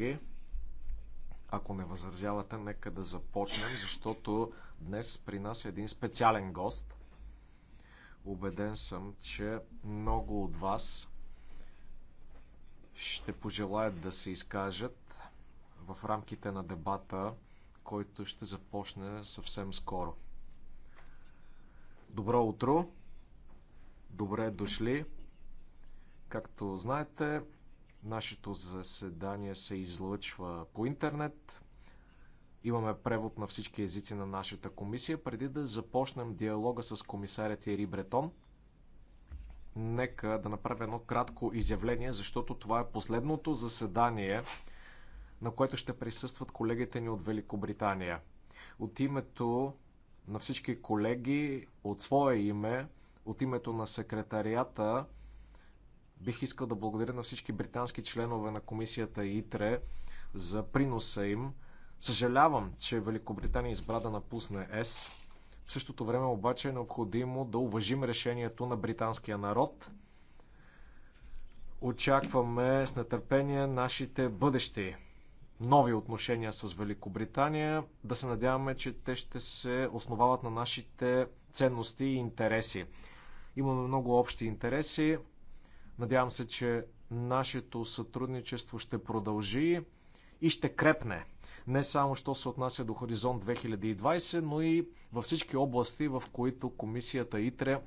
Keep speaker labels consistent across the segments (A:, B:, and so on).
A: колеги, ако не възразявате, нека да започнем, защото днес при нас е един специален гост. Обеден съм, че много от вас ще пожелаят да се изкажат в рамките на дебата, който ще започне съвсем скоро. Добро утро! Добре дошли! Както знаете, Нашето заседание се излъчва по интернет. Имаме превод на всички езици на нашата комисия. Преди да започнем диалога с комисарят Ери Бретон, нека да направя едно кратко изявление, защото това е последното заседание, на което ще присъстват колегите ни от Великобритания. От името на всички колеги, от свое име, от името на секретарията, Бих искал да благодаря на всички британски членове на комисията ИТРЕ за приноса им. Съжалявам, че Великобритания избра да напусне ЕС. В същото време обаче е необходимо да уважим решението на британския народ. Очакваме с нетърпение нашите бъдещи нови отношения с Великобритания. Да се надяваме, че те ще се основават на нашите ценности и интереси. Имаме много общи интереси. Надявам се, че нашето сътрудничество ще продължи и ще крепне. Не само, що се отнася до Хоризонт 2020, но и във всички области, в които комисията ИТРЕ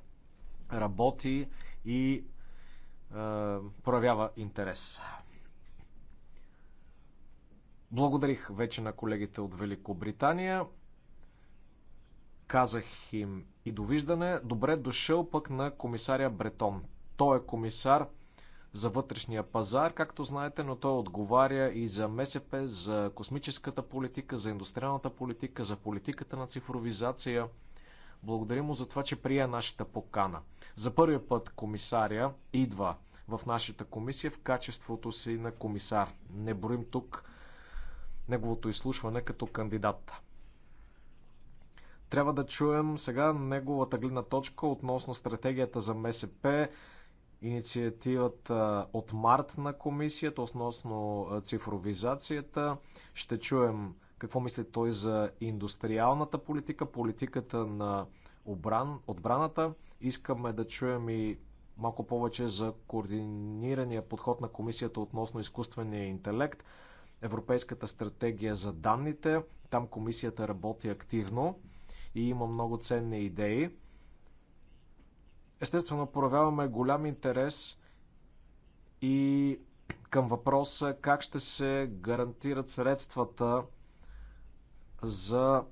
A: работи и е, проявява интерес. Благодарих вече на колегите от Великобритания. Казах им и довиждане. Добре дошъл пък на комисаря Бретон. Той е комисар за вътрешния пазар, както знаете, но той отговаря и за МСП, за космическата политика, за индустриалната политика, за политиката на цифровизация. Благодарим му за това, че прия нашата покана. За първи път комисаря идва в нашата комисия в качеството си на комисар. Не борим тук неговото изслушване като кандидат. Трябва да чуем сега неговата гледна точка относно стратегията за МСП, инициативата от март на комисията относно цифровизацията. Ще чуем какво мисли той за индустриалната политика, политиката на обран, отбраната. Искаме да чуем и малко повече за координирания подход на комисията относно изкуствения интелект, Европейската стратегия за данните. Там комисията работи активно и има много ценни идеи. Естествено, проявяваме голям интерес и към въпроса как ще се гарантират средствата за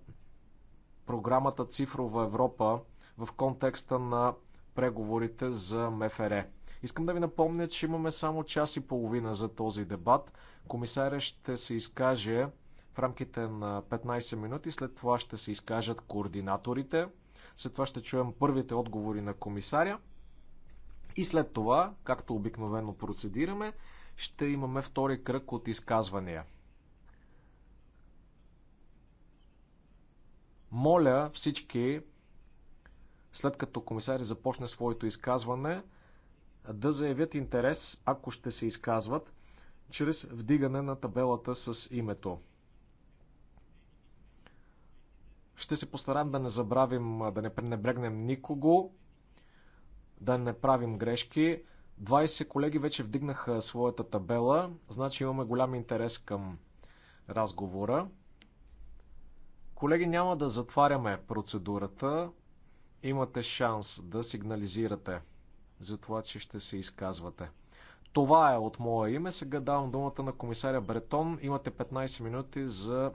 A: програмата Цифрова Европа в контекста на преговорите за МФР. Искам да ви напомня, че имаме само час и половина за този дебат. Комисаря ще се изкаже в рамките на 15 минути, след това ще се изкажат координаторите – след това ще чуем първите отговори на комисаря. И след това, както обикновено процедираме, ще имаме втори кръг от изказвания. Моля всички, след като комисаря започне своето изказване, да заявят интерес, ако ще се изказват, чрез вдигане на табелата с името. Ще се постараем да не забравим, да не пренебрегнем никого, да не правим грешки. 20 колеги вече вдигнаха своята табела, значи имаме голям интерес към разговора. Колеги, няма да затваряме процедурата. Имате шанс да сигнализирате за това, че ще се изказвате. Това е от мое име. Сега давам думата на комисаря Бретон. Имате 15 минути за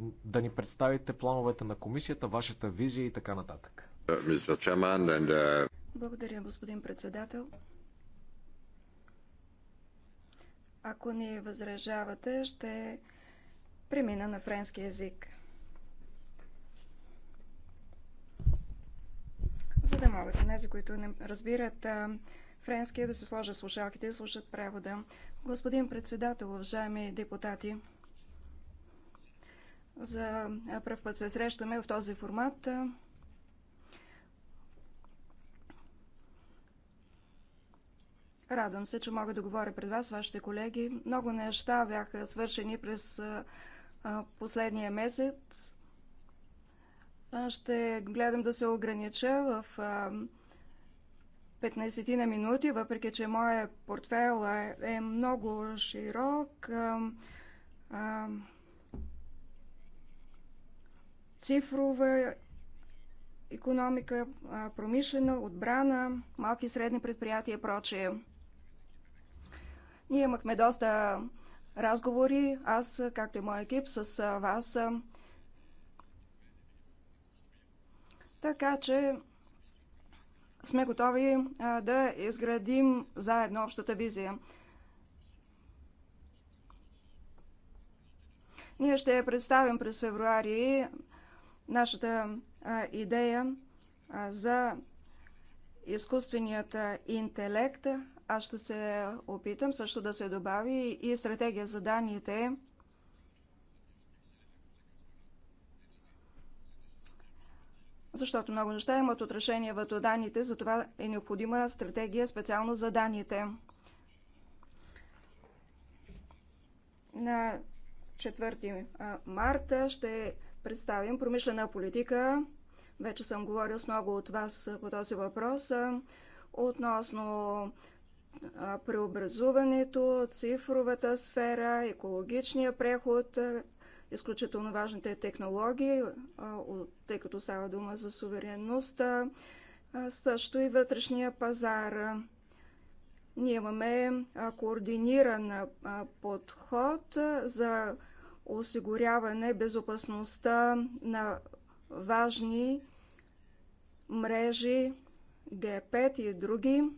A: да ни представите плановете на комисията, вашата визия и така
B: нататък. Uh,
C: Благодаря, господин председател. Ако ни възражавате, ще премина на френски язик. За да могат тези, които не разбират френския, да се сложат слушалките и слушат превода. Господин председател, уважаеми депутати, за първ път се срещаме в този формат. Радвам се, че мога да говоря пред вас, вашите колеги. Много неща бяха свършени през последния месец. Ще гледам да се огранича в 15 на минути, въпреки че моят портфел е, е много широк цифрова економика, промишлена, отбрана, малки и средни предприятия и прочее. Ние имахме доста разговори, аз, както и моя екип, с вас. Така че сме готови да изградим заедно общата визия. Ние ще я представим през февруари Нашата идея за изкуственият интелект, аз ще се опитам също да се добави и стратегия за данните, защото много неща имат отрешение върху данните, затова е необходима стратегия специално за данните. На 4 марта ще представим промишлена политика. Вече съм говорил с много от вас по този въпрос относно преобразуването, цифровата сфера, екологичния преход, изключително важните технологии, тъй като става дума за суверенността, също и вътрешния пазар. Ние имаме координиран подход за осигуряване безопасността на важни мрежи, Г5 и други.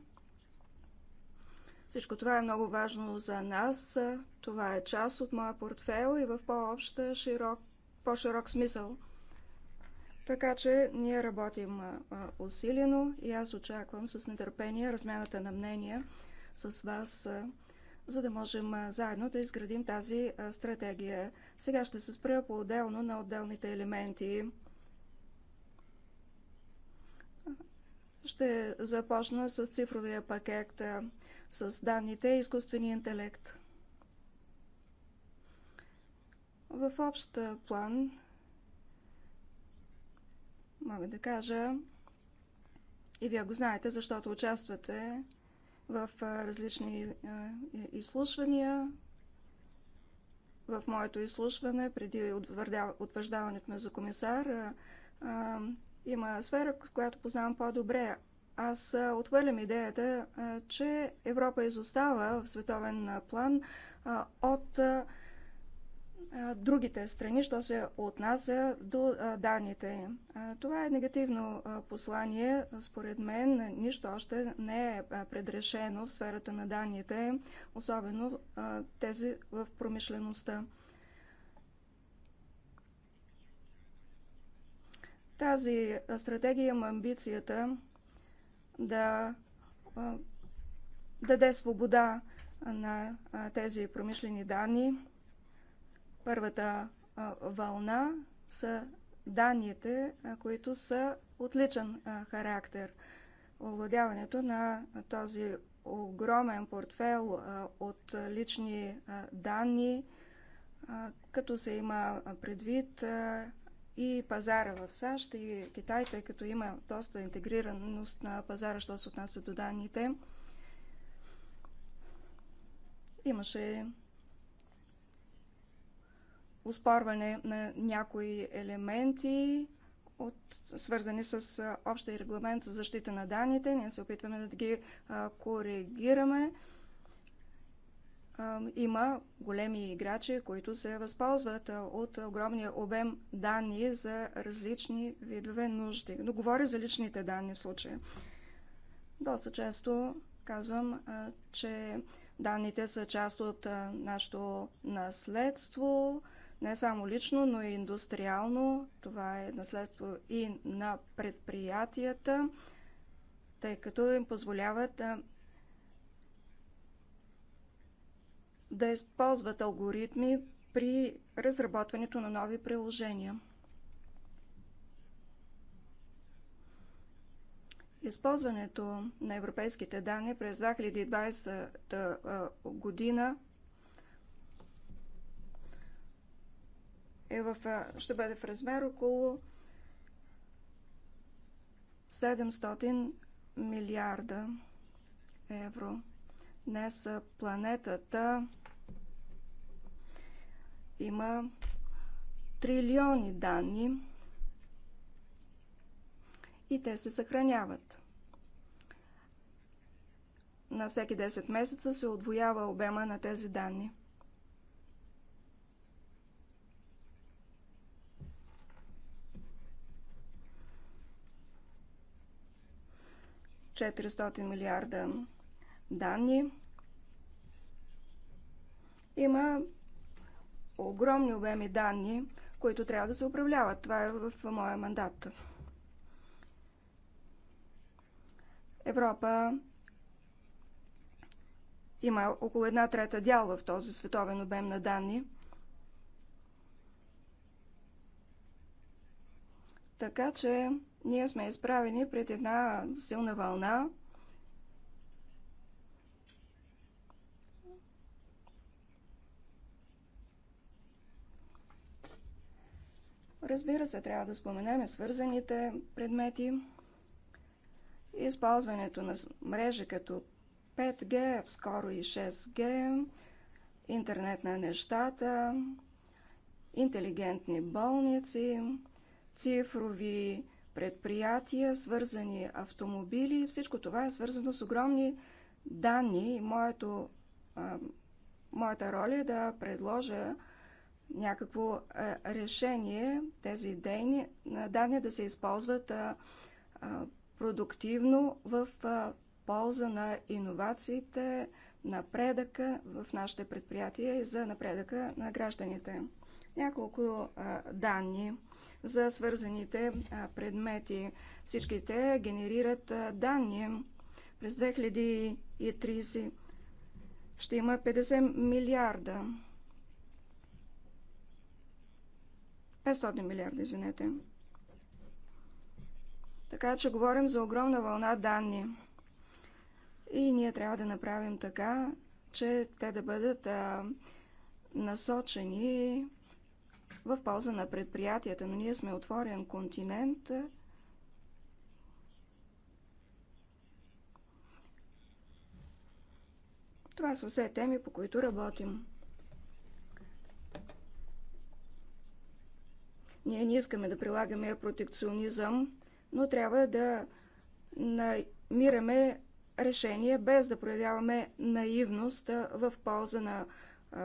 C: Всичко това е много важно за нас. Това е част от моя портфел и в по-общ, широк, по-широк смисъл. Така че ние работим усилено и аз очаквам с нетърпение размяната на мнения с вас за да можем заедно да изградим тази стратегия. Сега ще се спра по-отделно на отделните елементи. Ще започна с цифровия пакет, с данните и изкуствения интелект. В общ план мога да кажа, и вие го знаете, защото участвате в различни изслушвания. В моето изслушване, преди утвърждаването ми за комисар, има сфера, която познавам по-добре. Аз отхвърлям идеята, че Европа изостава в световен план от другите страни, що се отнася до данните. Това е негативно послание. Според мен нищо още не е предрешено в сферата на данните, особено тези в промишлеността. Тази стратегия има амбицията да даде свобода на тези промишлени данни, Първата вълна са данните, които са от личен характер. Овладяването на този огромен портфел от лични данни, като се има предвид и пазара в САЩ и Китай, тъй като има доста интегрираност на пазара, що се отнася до данните. Имаше оспорване на някои елементи, от, свързани с общия регламент за защита на данните. Ние се опитваме да ги а, коригираме. А, има големи играчи, които се възползват а, от огромния обем данни за различни видове нужди. Но говоря за личните данни в случая. Доста често казвам, а, че данните са част от а, нашето наследство, а, не само лично, но и индустриално. Това е наследство и на предприятията, тъй като им позволяват да, да използват алгоритми при разработването на нови приложения. Използването на европейските данни през 2020 година е в, ще бъде в размер около 700 милиарда евро. Днес планетата има трилиони данни и те се съхраняват. На всеки 10 месеца се отвоява обема на тези данни. 400 милиарда данни. Има огромни обеми данни, които трябва да се управляват. Това е в моя мандат. Европа има около една трета дял в този световен обем на данни. Така че ние сме изправени пред една силна вълна, Разбира се, трябва да споменем свързаните предмети. Използването на мрежа като 5G, скоро и 6G, интернет на нещата, интелигентни болници, цифрови предприятия, свързани автомобили. Всичко това е свързано с огромни данни и моето, а, моята роля е да предложа някакво а, решение тези дейни, данни да се използват а, а, продуктивно в а, полза на иновациите, напредъка в нашите предприятия и за напредъка на гражданите. Няколко данни за свързаните предмети. Всички те генерират данни. През 2030 ще има 50 милиарда. 500 милиарда, извинете. Така че говорим за огромна вълна данни. И ние трябва да направим така, че те да бъдат а, насочени в полза на предприятията, но ние сме отворен континент. Това са все теми, по които работим. Ние не искаме да прилагаме протекционизъм, но трябва да намираме решение без да проявяваме наивност в полза на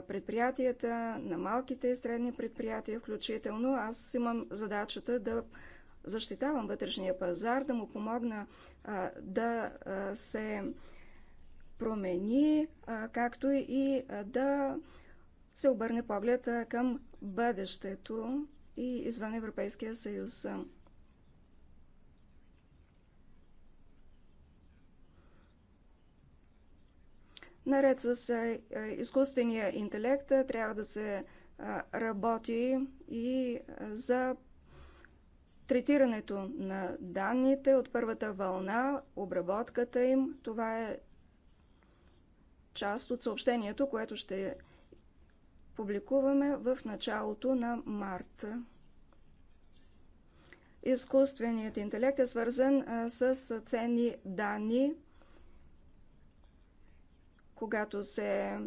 C: предприятията, на малките и средни предприятия включително. Аз имам задачата да защитавам вътрешния пазар, да му помогна а, да а, се промени, а, както и а, да се обърне поглед към бъдещето и извън Европейския съюз. Наред с изкуствения интелект трябва да се работи и за третирането на данните от първата вълна, обработката им. Това е част от съобщението, което ще публикуваме в началото на март. Изкуственият интелект е свързан с ценни данни когато се,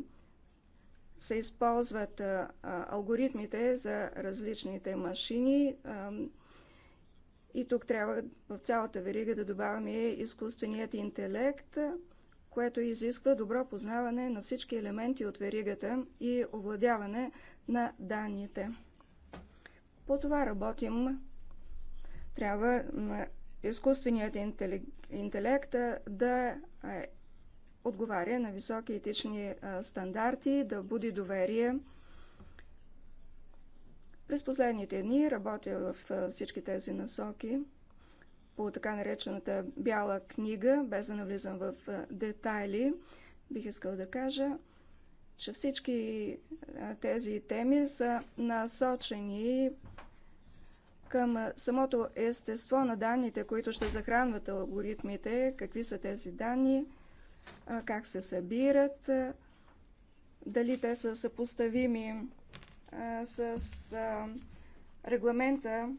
C: се използват а, алгоритмите за различните машини. А, и тук трябва в цялата верига да добавяме изкуственият интелект, което изисква добро познаване на всички елементи от веригата и овладяване на данните. По това работим. Трябва изкуственият интелект да отговаря на високи етични стандарти, да буди доверие. През последните дни работя в всички тези насоки по така наречената бяла книга, без да навлизам в детайли. Бих искал да кажа, че всички тези теми са насочени към самото естество на данните, които ще захранват алгоритмите, какви са тези данни, как се събират, дали те са съпоставими с регламента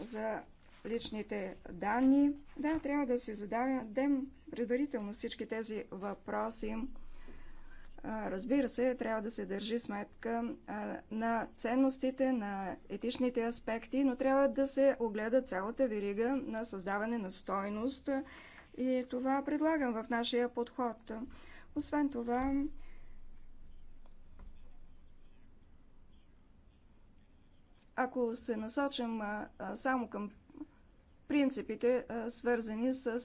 C: за личните данни. Да, трябва да си зададем предварително всички тези въпроси. Разбира се, трябва да се държи сметка на ценностите, на етичните аспекти, но трябва да се огледа цялата верига на създаване на стойност и това предлагам в нашия подход. Освен това, ако се насочим само към принципите, свързани с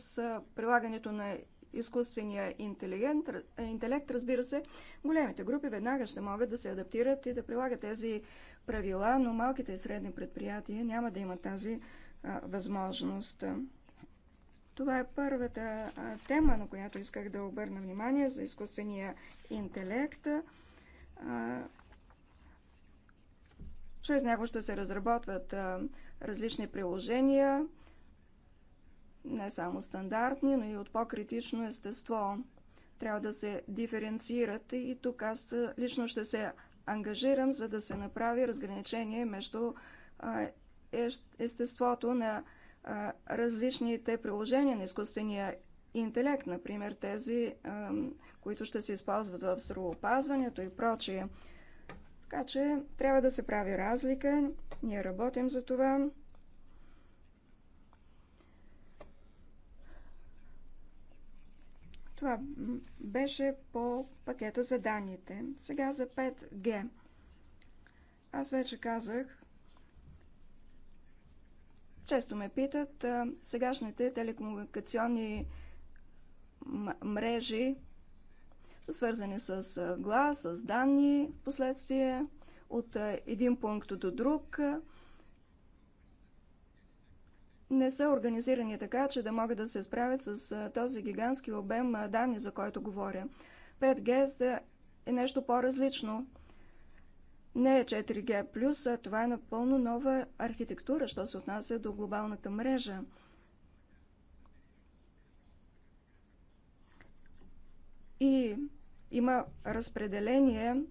C: прилагането на изкуствения интелект, интелект, разбира се, големите групи веднага ще могат да се адаптират и да прилагат тези правила, но малките и средни предприятия няма да имат тази възможност. Това е първата тема, на която исках да обърна внимание за изкуствения интелект. Чрез него ще се разработват различни приложения, не само стандартни, но и от по-критично естество. Трябва да се диференцират и тук аз лично ще се ангажирам, за да се направи разграничение между естеството на различните приложения на изкуствения интелект, например тези, които ще се използват в здравоопазването и прочие. Така че трябва да се прави разлика. Ние работим за това. Това беше по пакета за данните. Сега за 5G. Аз вече казах, често ме питат сегашните телекомуникационни мрежи са свързани с глас, с данни в последствие, от един пункт до друг. Не са организирани така, че да могат да се справят с този гигантски обем данни, за който говоря. 5G е нещо по-различно не е 4G+, а това е напълно нова архитектура, що се отнася до глобалната мрежа. И има разпределение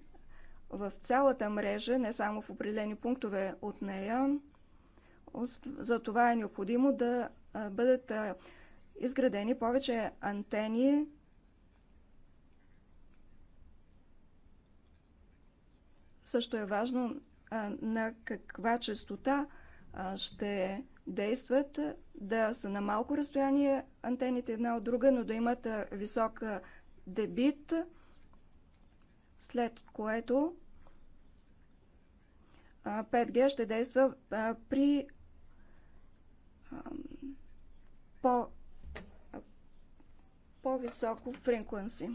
C: в цялата мрежа, не само в определени пунктове от нея. За това е необходимо да бъдат изградени повече антени Също е важно на каква частота ще действат, да са на малко разстояние антените една от друга, но да имат висок дебит, след което 5G ще действа при по, по-високо фреквенси.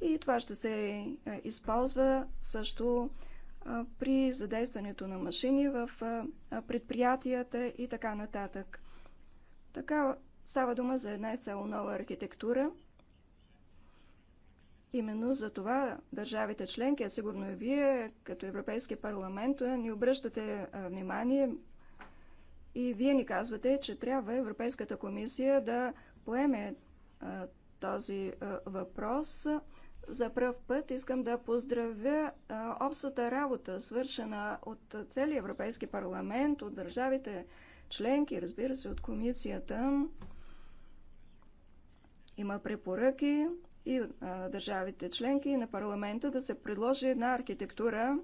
C: И това ще се е, използва също при задействането на машини в предприятията и така нататък. Така става дума за една цяло нова архитектура. Именно за това държавите членки, а сигурно и вие, като Европейски парламент, ни обръщате внимание и вие ни казвате, че трябва Европейската комисия да поеме този въпрос. За пръв път искам да поздравя общата работа, свършена от целия Европейски парламент, от държавите членки, разбира се, от комисията. Има препоръки и на държавите членки и на парламента да се предложи една архитектура,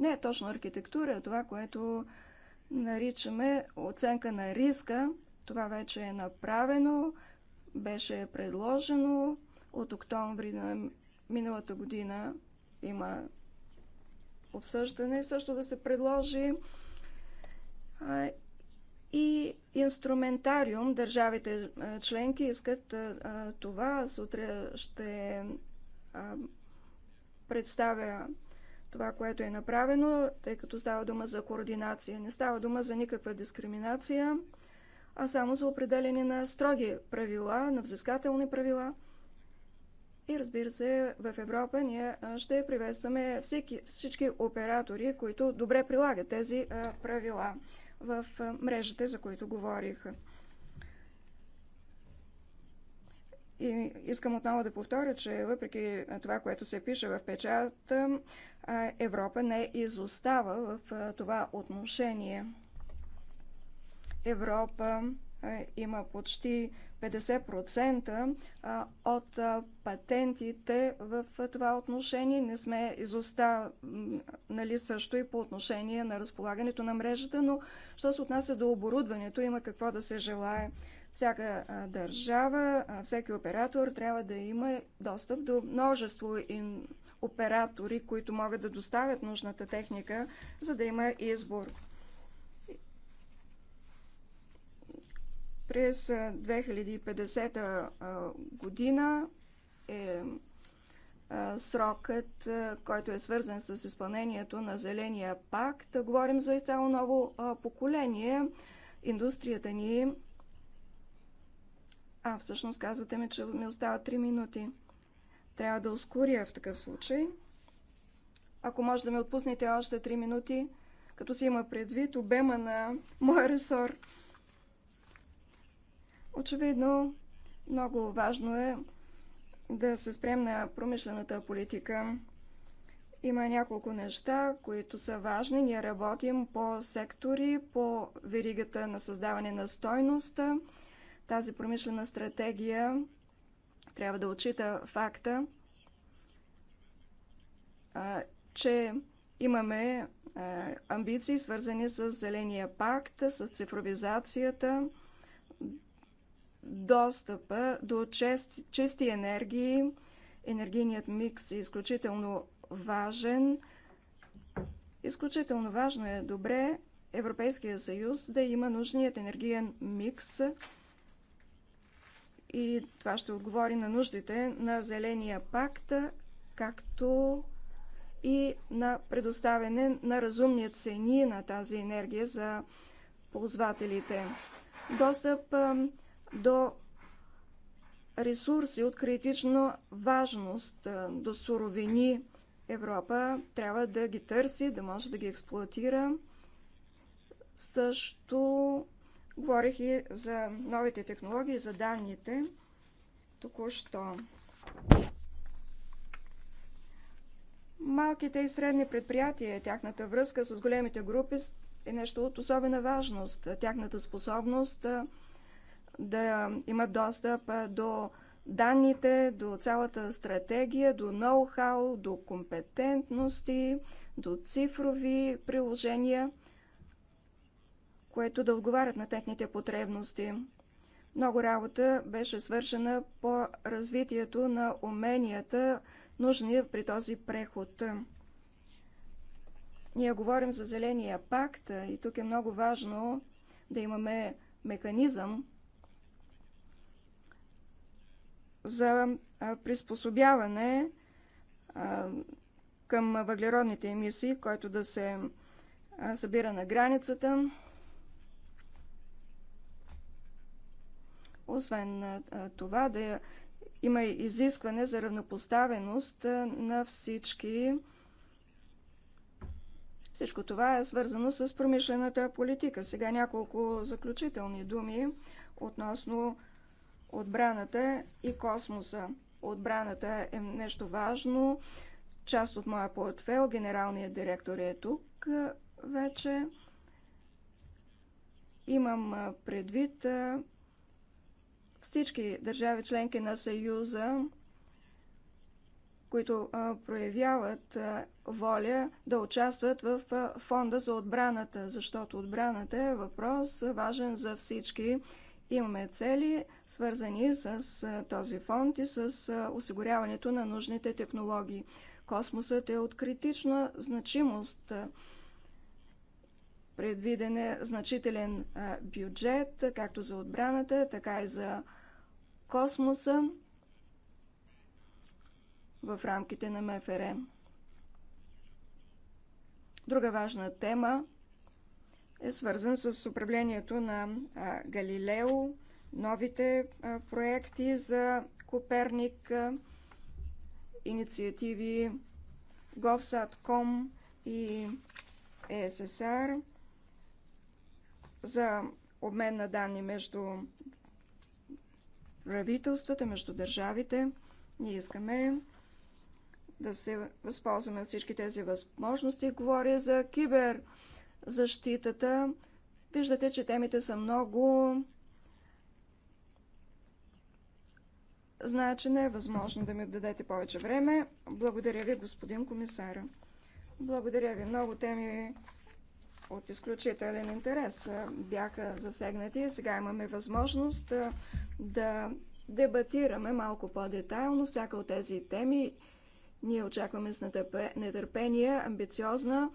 C: не е точно архитектура, а това, което наричаме оценка на риска. Това вече е направено, беше предложено от октомври на Миналата година има обсъждане също да се предложи и инструментариум. Държавите членки искат това. Сутре ще представя това, което е направено, тъй като става дума за координация. Не става дума за никаква дискриминация, а само за определени на строги правила, на взискателни правила. И разбира се, в Европа ние ще приветстваме всички, всички оператори, които добре прилагат тези правила в мрежите, за които говорих. И искам отново да повторя, че въпреки това, което се пише в печата, Европа не изостава в това отношение. Европа е, има почти 50% от патентите в това отношение. Не сме изостанали също и по отношение на разполагането на мрежата, но що се отнася до оборудването, има какво да се желае. Всяка държава, всеки оператор трябва да има достъп до множество оператори, които могат да доставят нужната техника, за да има избор. През 2050 година е срокът, който е свързан с изпълнението на Зеления пакт. Говорим за цяло ново поколение. Индустрията ни. А, всъщност казвате ми, че ми остават 3 минути. Трябва да ускоря в такъв случай. Ако може да ми отпуснете още 3 минути, като си има предвид обема на моя ресор. Очевидно, много важно е да се спрем на промишлената политика. Има няколко неща, които са важни. Ние работим по сектори, по веригата на създаване на стойността. Тази промишлена стратегия трябва да отчита факта, че имаме амбиции, свързани с Зеления пакт, с цифровизацията – достъпа до чест, чисти енергии. Енергийният микс е изключително важен. Изключително важно е добре Европейския съюз да има нужният енергиен микс и това ще отговори на нуждите на Зеления пакт, както и на предоставяне на разумни цени на тази енергия за ползвателите. Достъп до ресурси от критична важност, е, до суровини. Европа трябва да ги търси, да може да ги експлуатира. Също говорих и за новите технологии, за данните току-що. Малките и средни предприятия, тяхната връзка с големите групи е нещо от особена важност. Тяхната способност е, да имат достъп до данните, до цялата стратегия, до ноу-хау, до компетентности, до цифрови приложения, което да отговарят на техните потребности. Много работа беше свършена по развитието на уменията, нужни при този преход. Ние говорим за Зеления пакт и тук е много важно да имаме механизъм, за приспособяване към въглеродните емисии, който да се събира на границата. Освен това, да има изискване за равнопоставеност на всички. Всичко това е свързано с промишлената политика. Сега няколко заключителни думи относно отбраната е и космоса. Отбраната е нещо важно. Част от моя портфел, генералният директор е тук вече. Имам предвид всички държави членки на Съюза, които проявяват воля да участват в фонда за отбраната, защото отбраната е въпрос важен за всички Имаме цели, свързани с този фонд и с осигуряването на нужните технологии. Космосът е от критична значимост. Предвиден е значителен бюджет, както за отбраната, така и за космоса в рамките на МФР. Друга важна тема е свързан с управлението на Галилео, новите проекти за Коперник, инициативи GovSat.com и ESSR е за обмен на данни между правителствата, между държавите. Ние искаме да се възползваме от всички тези възможности. Говоря за кибер защитата. Виждате, че темите са много. Значи не е възможно да ми дадете повече време. Благодаря ви, господин комисара. Благодаря ви. Много теми от изключителен интерес бяха засегнати. Сега имаме възможност да дебатираме малко по-детайлно всяка от тези теми. Ние очакваме с нетърпение амбициозна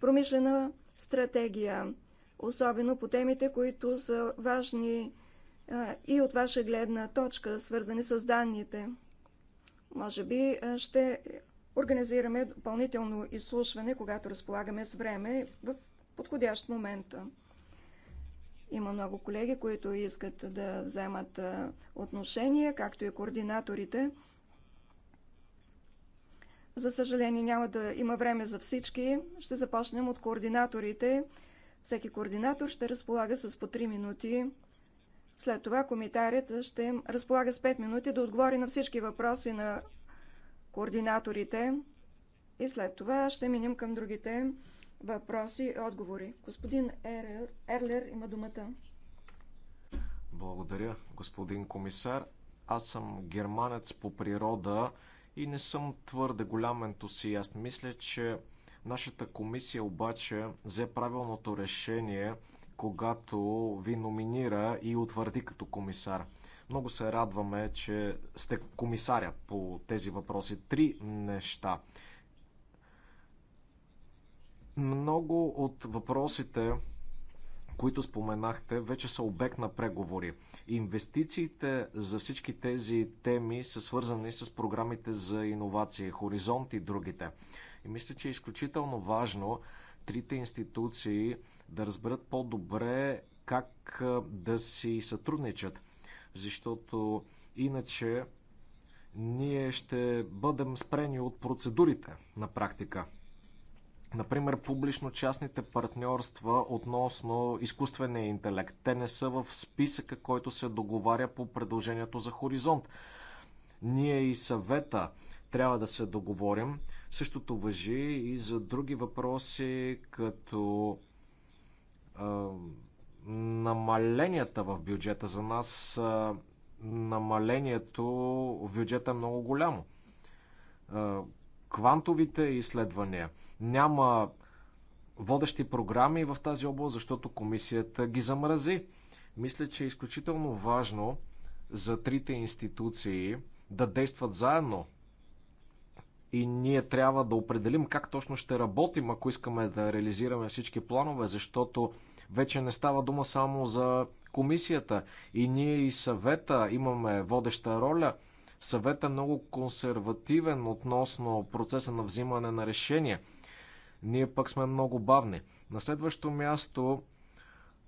C: промишлена стратегия, особено по темите, които са важни и от ваша гледна точка, свързани с данните. Може би ще организираме допълнително изслушване, когато разполагаме с време в подходящ момент. Има много колеги, които искат да вземат отношение, както и координаторите. За съжаление няма да има време за всички. Ще започнем от координаторите. Всеки координатор ще разполага с по 3 минути. След това комитарят ще разполага с 5 минути да отговори на всички въпроси на координаторите. И след това ще минем към другите въпроси и отговори. Господин Ерлер, Ерлер има думата.
A: Благодаря, господин комисар. Аз съм германец по природа и не съм твърде голям ентусиаст. Мисля, че нашата комисия обаче взе правилното решение, когато ви номинира и утвърди като комисар. Много се радваме, че сте комисаря по тези въпроси. Три неща. Много от въпросите, които споменахте, вече са обект на преговори. Инвестициите за всички тези теми са свързани с програмите за иновации, Хоризонт и другите. И мисля, че е изключително важно трите институции да разберат по-добре как да си сътрудничат. Защото иначе ние ще бъдем спрени от процедурите на практика. Например, публично-частните партньорства относно изкуствения интелект. Те не са в списъка, който се договаря по предложението за Хоризонт. Ние и съвета трябва да се договорим. Същото въжи и за други въпроси, като е, намаленията в бюджета. За нас е, намалението в бюджета е много голямо. Е, квантовите изследвания – няма водещи програми в тази област, защото комисията ги замрази. Мисля, че е изключително важно за трите институции да действат заедно. И ние трябва да определим как точно ще работим, ако искаме да реализираме всички планове, защото вече не става дума само за комисията. И ние и съвета имаме водеща роля. Съвета е много консервативен относно процеса на взимане на решения. Ние пък сме много бавни. На следващо място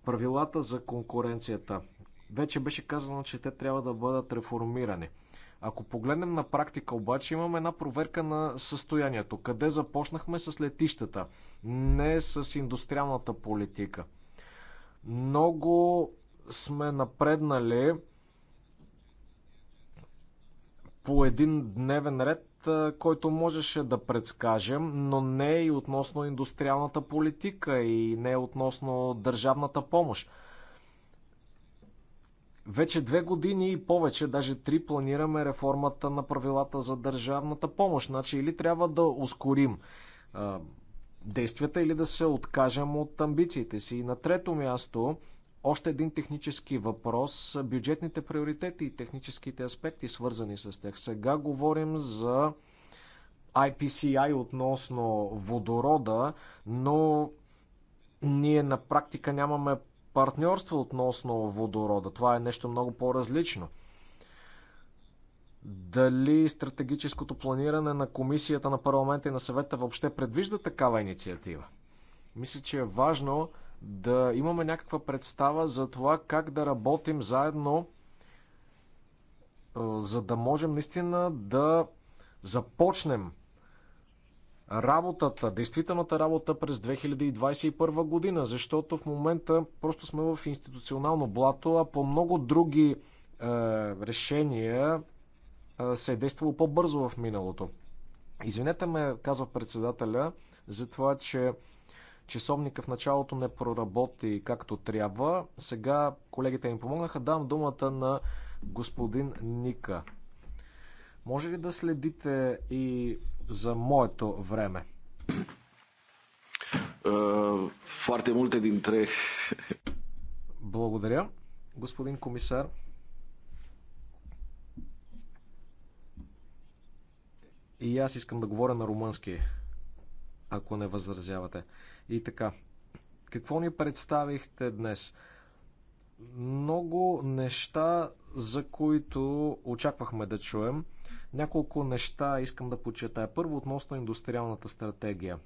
A: правилата за конкуренцията. Вече беше казано, че те трябва да бъдат реформирани. Ако погледнем на практика, обаче имаме една проверка на състоянието. Къде започнахме с летищата, не с индустриалната политика. Много сме напреднали по един дневен ред който можеше да предскажем, но не и относно индустриалната политика и не относно държавната помощ. Вече две години и повече, даже три, планираме реформата на правилата за държавната помощ. Значи или трябва да ускорим действията, или да се откажем от амбициите си. И на трето място, още един технически въпрос бюджетните приоритети и техническите аспекти, свързани с тях. Сега говорим за IPCI относно водорода, но ние на практика нямаме партньорство относно водорода. Това е нещо много по-различно. Дали стратегическото планиране на Комисията на парламента и на съвета въобще предвижда такава инициатива? Мисля, че е важно да имаме някаква представа за това как да работим заедно, за да можем наистина да започнем работата, действителната работа през 2021 година, защото в момента просто сме в институционално блато, а по много други е, решения е, се е действало по-бързо в миналото. Извинете ме, казва председателя, за това, че Часовника в началото не проработи както трябва. Сега колегите ми помогнаха. Дам думата на господин Ника. Може ли да следите и за моето време? Foarte multe трех. Благодаря, господин комисар. И аз искам да говоря на румънски, ако не възразявате. И така, какво ни представихте днес? Много неща, за които очаквахме да чуем. Няколко неща искам да почетая. Първо относно индустриалната стратегия.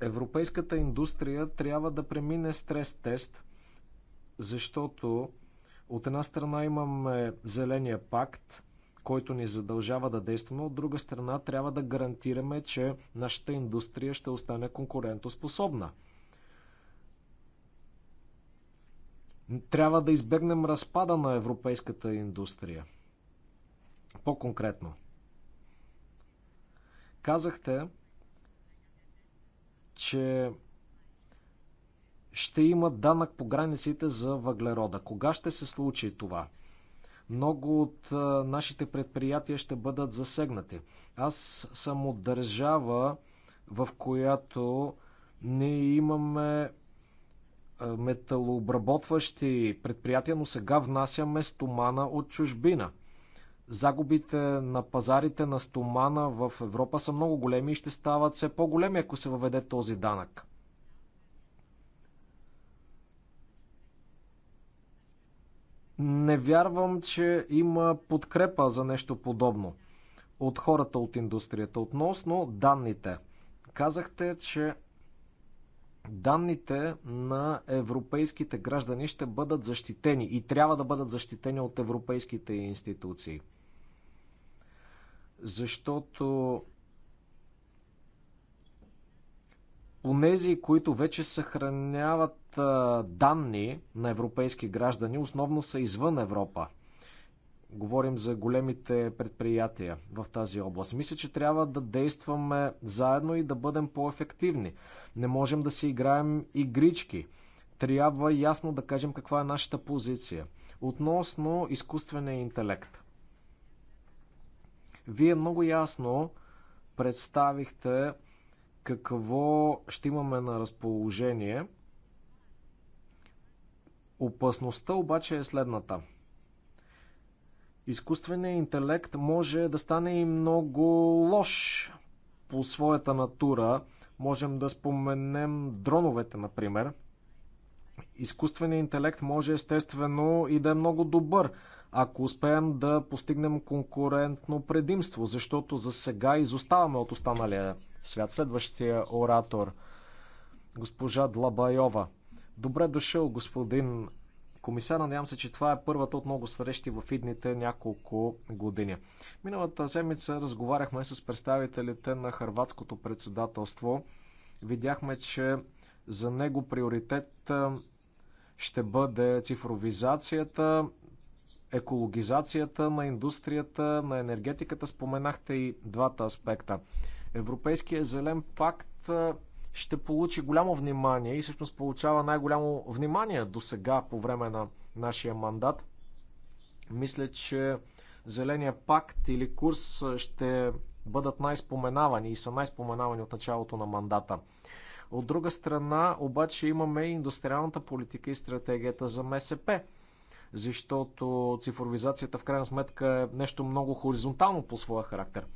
A: Европейската индустрия трябва да премине стрес-тест, защото от една страна имаме Зеления пакт, който ни задължава да действаме. От друга страна, трябва да гарантираме, че нашата индустрия ще остане конкурентоспособна. Трябва да избегнем разпада на европейската индустрия. По-конкретно. Казахте, че ще има данък по границите за въглерода. Кога ще се случи това? Много от нашите предприятия ще бъдат засегнати. Аз съм от държава, в която ние имаме металообработващи предприятия, но сега внасяме стомана от чужбина. Загубите на пазарите на стомана в Европа са много големи и ще стават все по-големи, ако се въведе този данък. Не вярвам, че има подкрепа за нещо подобно от хората от индустрията. Относно данните. Казахте, че данните на европейските граждани ще бъдат защитени и трябва да бъдат защитени от европейските институции. Защото Онези, които вече съхраняват данни на европейски граждани, основно са извън Европа. Говорим за големите предприятия в тази област. Мисля, че трябва да действаме заедно и да бъдем по-ефективни. Не можем да си играем игрички. Трябва ясно да кажем каква е нашата позиция. Относно изкуствения интелект. Вие много ясно представихте какво ще имаме на разположение. Опасността обаче е следната. Изкуственият интелект може да стане и много лош по своята натура. Можем да споменем дроновете, например. Изкуственият интелект може естествено и да е много добър ако успеем да постигнем конкурентно предимство, защото за сега изоставаме от останалия свят. Следващия оратор, госпожа Длабайова. Добре дошъл, господин комисар. Надявам се, че това е първата от много срещи в идните няколко години. Миналата седмица разговаряхме с представителите на хърватското председателство. Видяхме, че за него приоритет ще бъде цифровизацията, екологизацията на индустрията, на енергетиката. Споменахте и двата аспекта. Европейския зелен пакт ще получи голямо внимание и всъщност получава най-голямо внимание до сега по време на нашия мандат. Мисля, че Зеления пакт или курс ще бъдат най-споменавани и са най-споменавани от началото на мандата. От друга страна, обаче имаме и индустриалната политика и стратегията за МСП – защото цифровизацията в крайна сметка е нещо много хоризонтално по своя характер.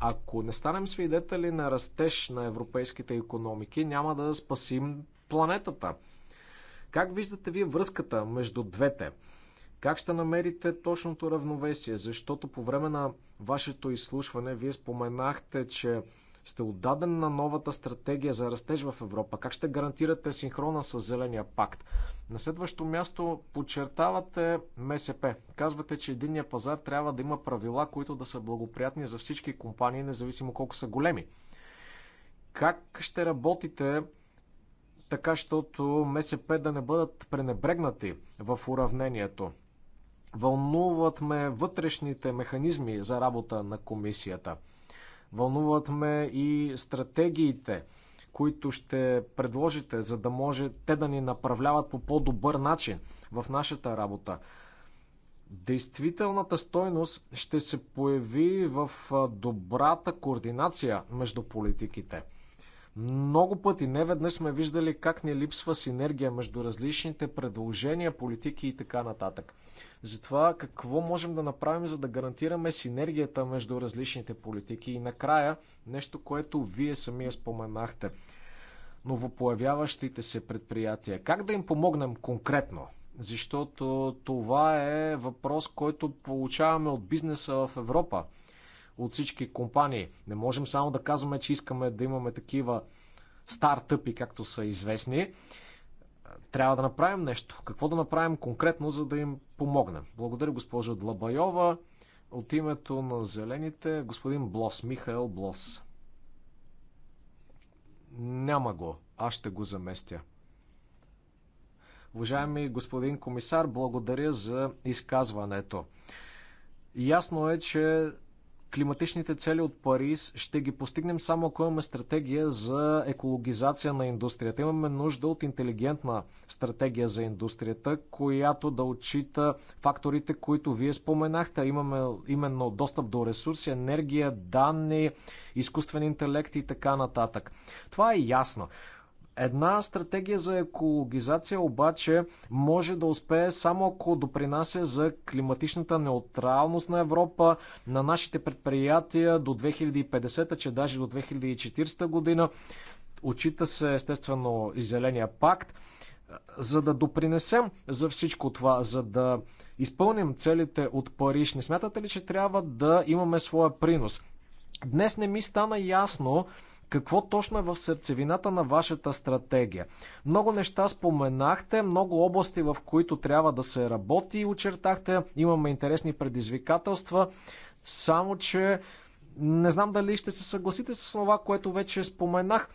A: Ако не станем свидетели на растеж на европейските економики, няма да спасим планетата. Как виждате вие връзката между двете? Как ще намерите точното равновесие? Защото по време на вашето изслушване вие споменахте, че сте отдаден на новата стратегия за растеж в Европа? Как ще гарантирате синхрона с Зеления пакт? На следващо място подчертавате МСП. Казвате, че единния пазар трябва да има правила, които да са благоприятни за всички компании, независимо колко са големи. Как ще работите така, щото МСП да не бъдат пренебрегнати в уравнението? Вълнуват ме вътрешните механизми за работа на комисията – Вълнуват ме и стратегиите, които ще предложите, за да може те да ни направляват по по-добър начин в нашата работа. Действителната стойност ще се появи в добрата координация между политиките. Много пъти, не веднъж сме виждали как ни липсва синергия между различните предложения, политики и така нататък. Затова какво можем да направим, за да гарантираме синергията между различните политики. И накрая, нещо, което вие самия споменахте. Новопоявяващите се предприятия. Как да им помогнем конкретно? Защото това е въпрос, който получаваме от бизнеса в Европа от всички компании. Не можем само да казваме, че искаме да имаме такива стартъпи, както са известни. Трябва да направим нещо. Какво да направим конкретно, за да им помогнем? Благодаря, госпожо Длабайова. От името на зелените, господин Блос, Михаил Блос. Няма го. Аз ще го заместя. Уважаеми господин комисар, благодаря за изказването. Ясно е, че климатичните цели от Париж ще ги постигнем само ако имаме стратегия за екологизация на индустрията. Имаме нужда от интелигентна стратегия за индустрията, която да отчита факторите, които вие споменахте. Имаме именно достъп до ресурси, енергия, данни, изкуствен интелект и така нататък. Това е ясно. Една стратегия за екологизация обаче може да успее само ако допринася за климатичната неутралност на Европа, на нашите предприятия до 2050, че даже до 2040 година. Очита се естествено и зеления пакт. За да допринесем за всичко това, за да изпълним целите от Париж, не смятате ли, че трябва да имаме своя принос? Днес не ми стана ясно какво точно е в сърцевината на вашата стратегия? Много неща споменахте, много области, в които трябва да се работи и очертахте. Имаме интересни предизвикателства, само че не знам дали ще се съгласите с това, което вече споменах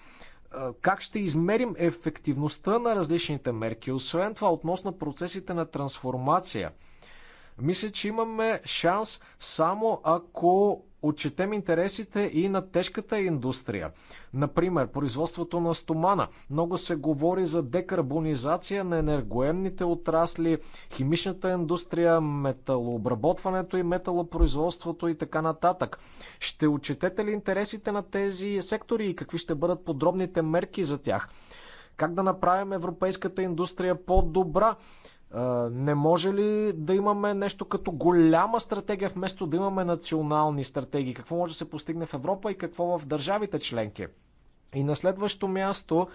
A: как ще измерим ефективността на различните мерки, освен това относно процесите на трансформация. Мисля, че имаме шанс само ако отчетем интересите и на тежката индустрия. Например, производството на стомана. Много се говори за декарбонизация на енергоемните отрасли, химичната индустрия, металообработването и металопроизводството и така нататък. Ще отчетете ли интересите на тези сектори и какви ще бъдат подробните мерки за тях? Как да направим европейската индустрия по-добра? Не може ли да имаме нещо като голяма стратегия, вместо да имаме национални стратегии? Какво може да се постигне в Европа и какво в държавите членки? И на следващо място,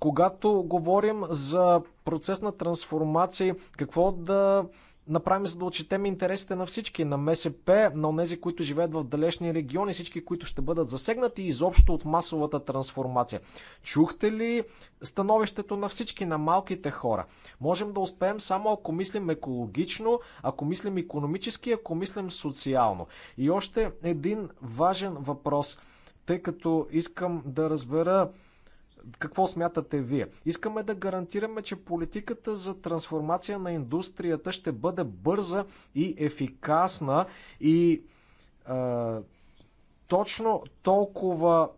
A: когато говорим за процес на трансформации, какво да направим, за да отчетем интересите на всички, на МСП, на тези, които живеят в далечни региони, всички, които ще бъдат засегнати изобщо от масовата трансформация. Чухте ли становището на всички, на малките хора? Можем да успеем само ако мислим екологично, ако мислим економически, ако мислим социално. И още един важен въпрос, тъй като искам да разбера какво смятате вие? Искаме да гарантираме, че политиката за трансформация на индустрията ще бъде бърза и ефикасна и а, точно толкова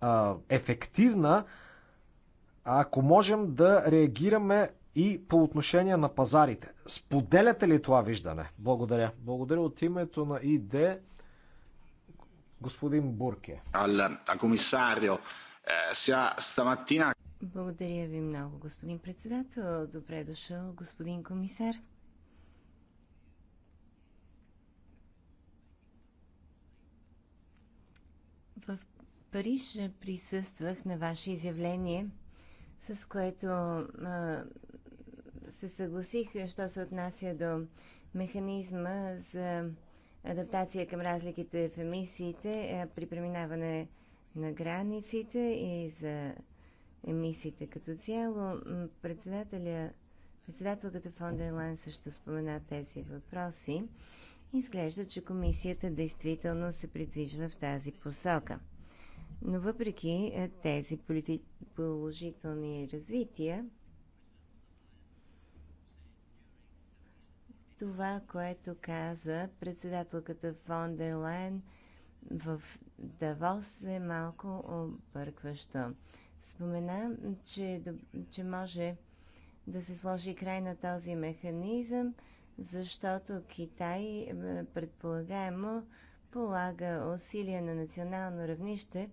A: а, ефективна, ако можем да реагираме и по отношение на пазарите. Споделяте ли това виждане? Благодаря.
B: Благодаря от името на ИД
A: господин Бурке. Ал, комисарио, сега eh, стаматина.
B: Благодаря ви много, господин председател. Добре дошъл, господин комисар. В Париж присъствах на ваше изявление, с което а, се съгласих, що се отнася до механизма за адаптация към разликите в емисиите при преминаване на границите и за емисиите като цяло. Председателя, председателката Фондерлайн също спомена тези въпроси. Изглежда, че комисията действително се придвижва в тази посока. Но въпреки е, тези положителни развития, това, което каза председателката Фондерлайн – в Давос е малко объркващо. Спомена, че, че може да се сложи край на този механизъм, защото Китай е, предполагаемо полага усилия на национално равнище,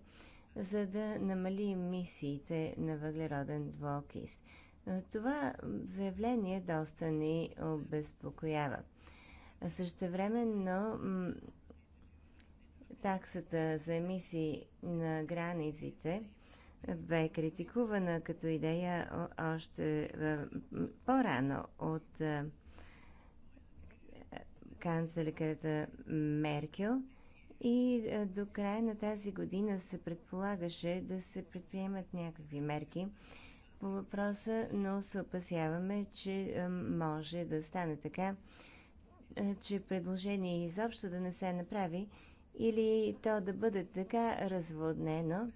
B: за да намали емисиите на въглероден двуокис. Е, това заявление доста ни обезпокоява. Същевременно таксата за емисии на границите бе критикувана като идея още е, по-рано от е, канцлерката Меркел и е, до края на тази година се предполагаше да се предприемат някакви мерки по въпроса, но се опасяваме, че може да стане така, че предложение изобщо да не се направи или то да бъде така разводнено,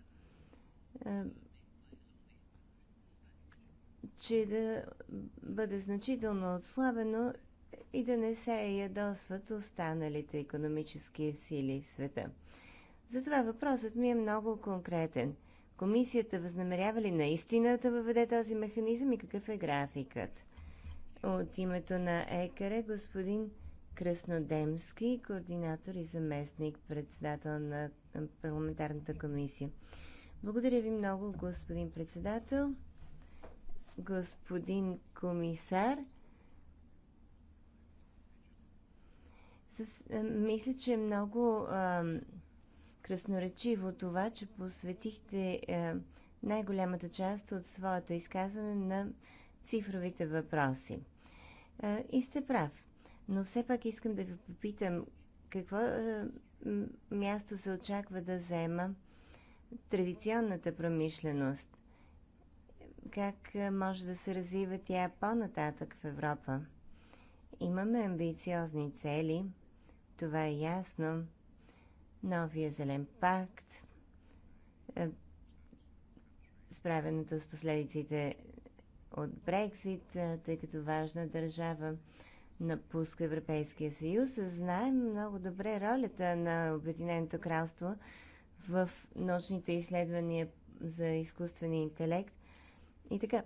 B: че да бъде значително отслабено и да не се ядосват останалите економически сили в света. Затова въпросът ми е много конкретен. Комисията възнамерява ли наистина да въведе този механизъм и какъв е графикът? От името на ЕКР господин Краснодемски, координатор и заместник председател на парламентарната комисия. Благодаря ви много, господин председател, господин комисар. С, а, мисля, че е много а, красноречиво това, че посветихте а, най-голямата част от своето изказване на цифровите въпроси. А, и сте прав. Но все пак искам да ви попитам, какво е, място се очаква да взема традиционната промишленост? Как е, може да се развива тя по-нататък в Европа? Имаме амбициозни цели, това е ясно. Новия зелен пакт, е, справеното с последиците от Брексит, е, тъй като важна държава напуска Европейския съюз. Знаем много добре ролята на Обединеното кралство в научните изследвания за изкуствения интелект. И така,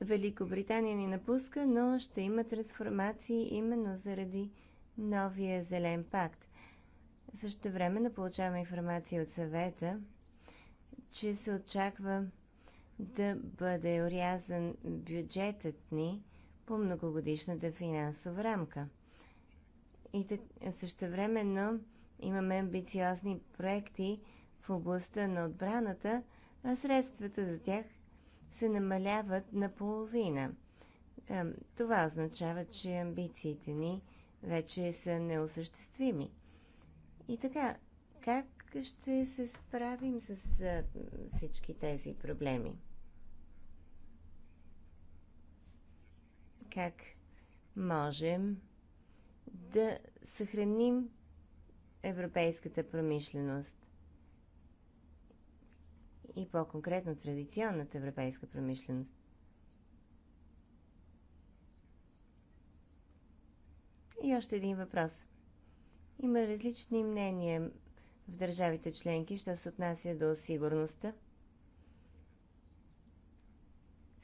B: Великобритания ни напуска, но ще има трансформации именно заради новия зелен пакт. Също време получаваме информация от съвета, че се очаква да бъде урязан бюджетът ни – по многогодишната финансова рамка. И също времено имаме амбициозни проекти в областта на отбраната, а средствата за тях се намаляват наполовина. Това означава, че амбициите ни вече са неосъществими. И така, как ще се справим с е, всички тези проблеми? как можем да съхраним европейската промишленост и по-конкретно традиционната европейска промишленост. И още един въпрос. Има различни мнения в държавите членки, що се отнася до сигурността.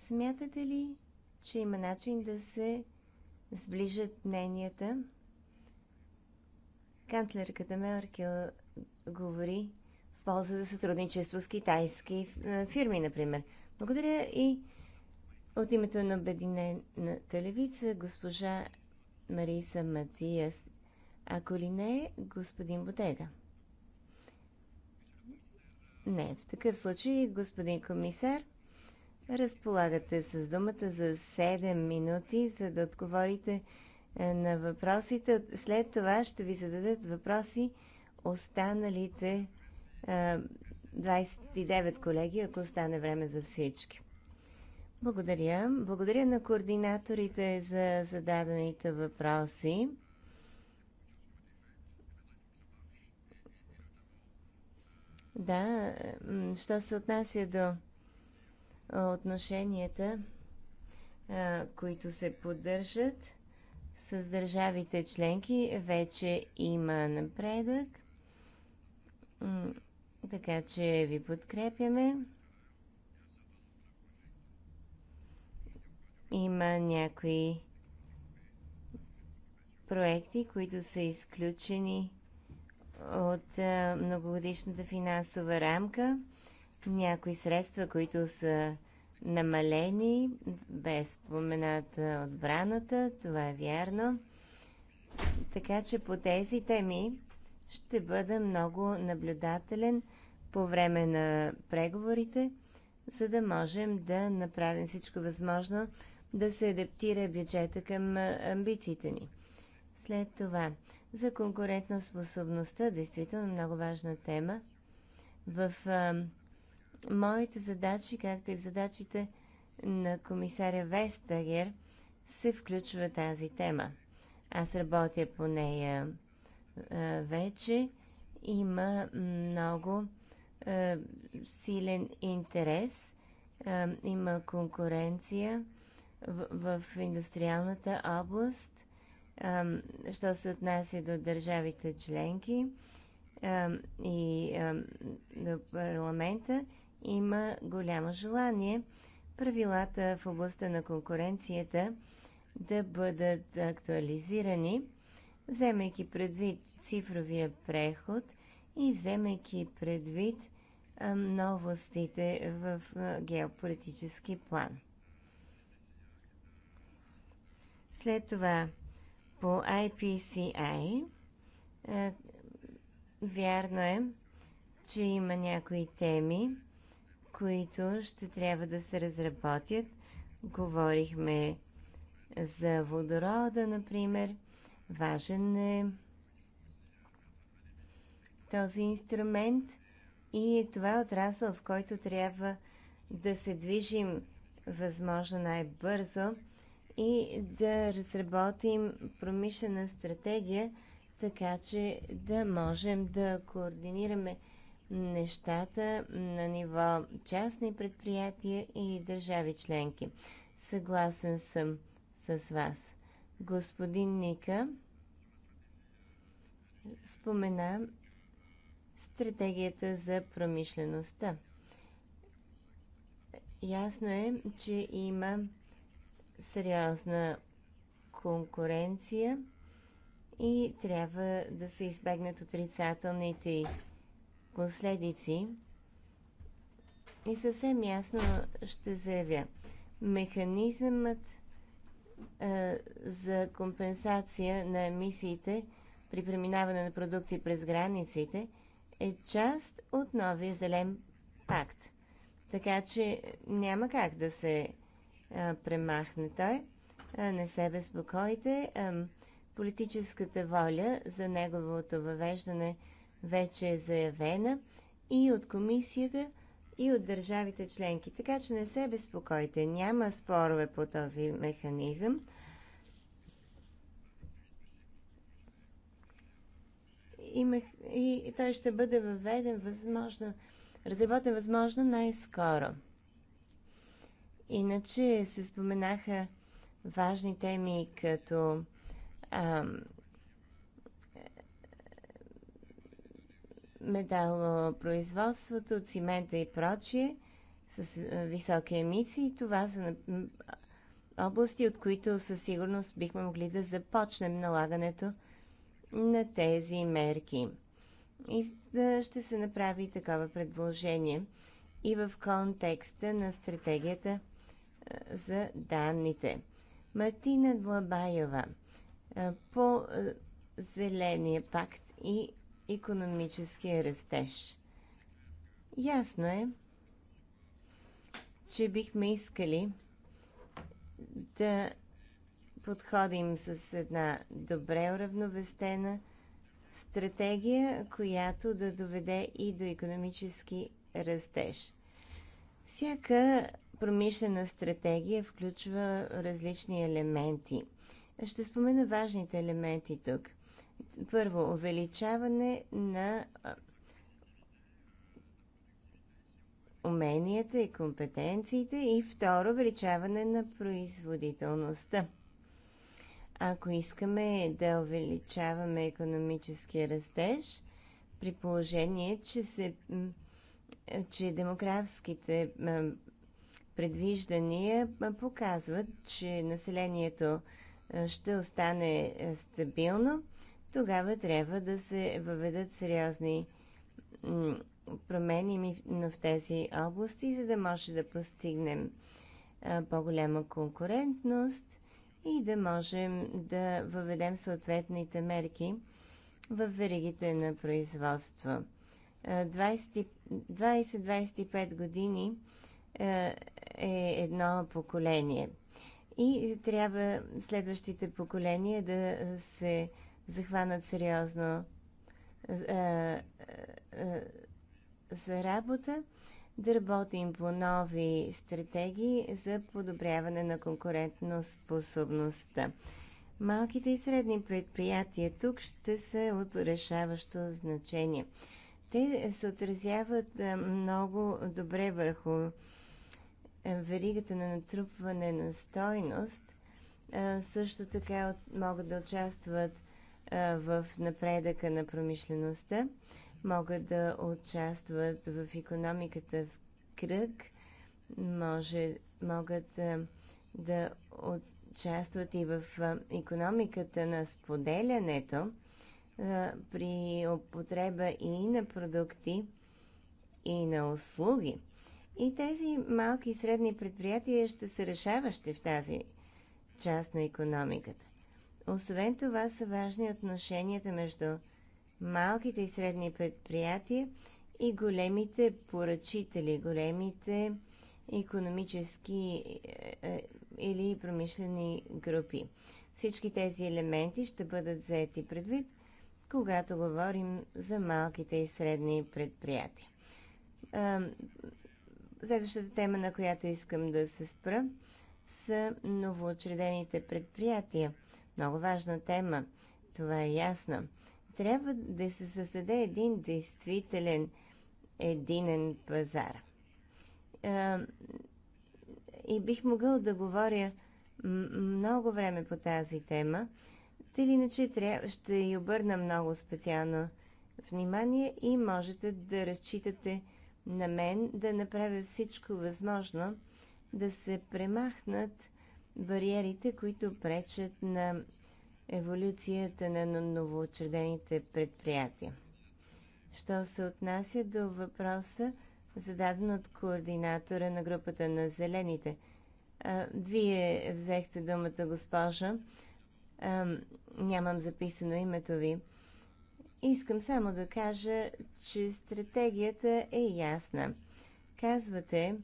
B: Смятате ли, че има начин да се сближат мненията. Канцлерката Меркел говори в полза за сътрудничество с китайски е, фирми, например. Благодаря и от името на Обединената левица госпожа Мариса Матиас. Ако ли не, господин Ботега. Не, в такъв случай, господин комисар, Разполагате с думата за 7 минути, за да отговорите е, на въпросите. След това ще ви зададат въпроси останалите 29 е, колеги, ако остане време за всички. Благодаря. Благодаря на координаторите за зададените въпроси. Да, що се отнася до отношенията, които се поддържат с държавите членки, вече има напредък. Така че ви подкрепяме. Има някои проекти, които са изключени от многогодишната финансова рамка някои средства, които са намалени, без спомената отбраната, това е вярно. Така че по тези теми ще бъда много наблюдателен по време на преговорите, за да можем да направим всичко възможно да се адаптира бюджета към амбициите ни. След това, за конкурентна способността, действително много важна тема. В Моите задачи, както и в задачите на комисаря Вестагер, се включва тази тема. Аз работя по нея е, вече. Има много е, силен интерес, е, има конкуренция в, в индустриалната област, що се отнася до държавите членки и до парламента има голямо желание правилата в областта на конкуренцията да бъдат актуализирани, вземайки предвид цифровия преход и вземайки предвид новостите в геополитически план. След това по IPCI вярно е, че има някои теми, които ще трябва да се разработят. Говорихме за водорода, например. Важен е този инструмент и е това отрасъл, в който трябва да се движим възможно най-бързо и да разработим промишлена стратегия, така че да можем да координираме нещата на ниво частни предприятия и държави членки. Съгласен съм с вас. Господин Ника спомена стратегията за промишлеността. Ясно е, че има сериозна конкуренция и трябва да се избегнат отрицателните последици. И съвсем ясно ще заявя, механизъмът а, е, за компенсация на емисиите при преминаване на продукти през границите е част от новия зелен пакт. Така че няма как да се а, е, премахне той. А, е, не се безпокойте. А, политическата воля за неговото въвеждане вече е заявена и от комисията, и от държавите членки. Така че не се безпокойте, няма спорове по този механизъм. И, той ще бъде въведен възможно, разработен възможно най-скоро. Иначе се споменаха важни теми като ам, металопроизводството, от цимента и прочие, с високи емисии. Това са области, от които със сигурност бихме могли да започнем налагането на тези мерки. И ще се направи такова предложение и в контекста на стратегията за данните. Мартина Длабаева по Зеления пакт и економическия растеж. Ясно е, че бихме искали да подходим с една добре уравновестена стратегия, която да доведе и до економически растеж. Всяка промишлена стратегия включва различни елементи. Ще спомена важните елементи тук – първо, увеличаване на уменията и компетенциите и второ, увеличаване на производителността. Ако искаме да увеличаваме економическия растеж, при положение, че, се, че демографските предвиждания показват, че населението ще остане стабилно, тогава трябва да се въведат сериозни промени в тези области, за да може да постигнем по-голяма конкурентност и да можем да въведем съответните мерки в веригите на производство. 20-25 години е едно поколение. И трябва следващите поколения да се захванат сериозно а, а, за работа, да работим по нови стратегии за подобряване на конкурентно способността. Малките и средни предприятия тук ще са от решаващо значение. Те се отразяват много добре върху веригата на натрупване на стойност. Също така могат да участват в напредъка на промишлеността, могат да участват в економиката в кръг, може, могат да участват и в економиката на споделянето при употреба и на продукти, и на услуги. И тези малки и средни предприятия ще са решаващи в тази част на економиката. Освен това са важни отношенията между малките и средни предприятия и големите поръчители, големите економически е, е, или промишлени групи. Всички тези елементи ще бъдат взети предвид, когато говорим за малките и средни предприятия. Е, следващата тема, на която искам да се спра, са новоочредените предприятия. Много важна тема. Това е ясно. Трябва да се създаде един действителен единен пазар. И бих могъл да говоря много време по тази тема. Те или иначе ще й обърна много специално внимание и можете да разчитате на мен да направя всичко възможно да се премахнат бариерите, които пречат на еволюцията на новоочредените предприятия. Що се отнася до въпроса, зададен от координатора на групата на зелените. А, вие взехте думата, госпожа. А, нямам записано името ви. Искам само да кажа, че стратегията е ясна. Казвате,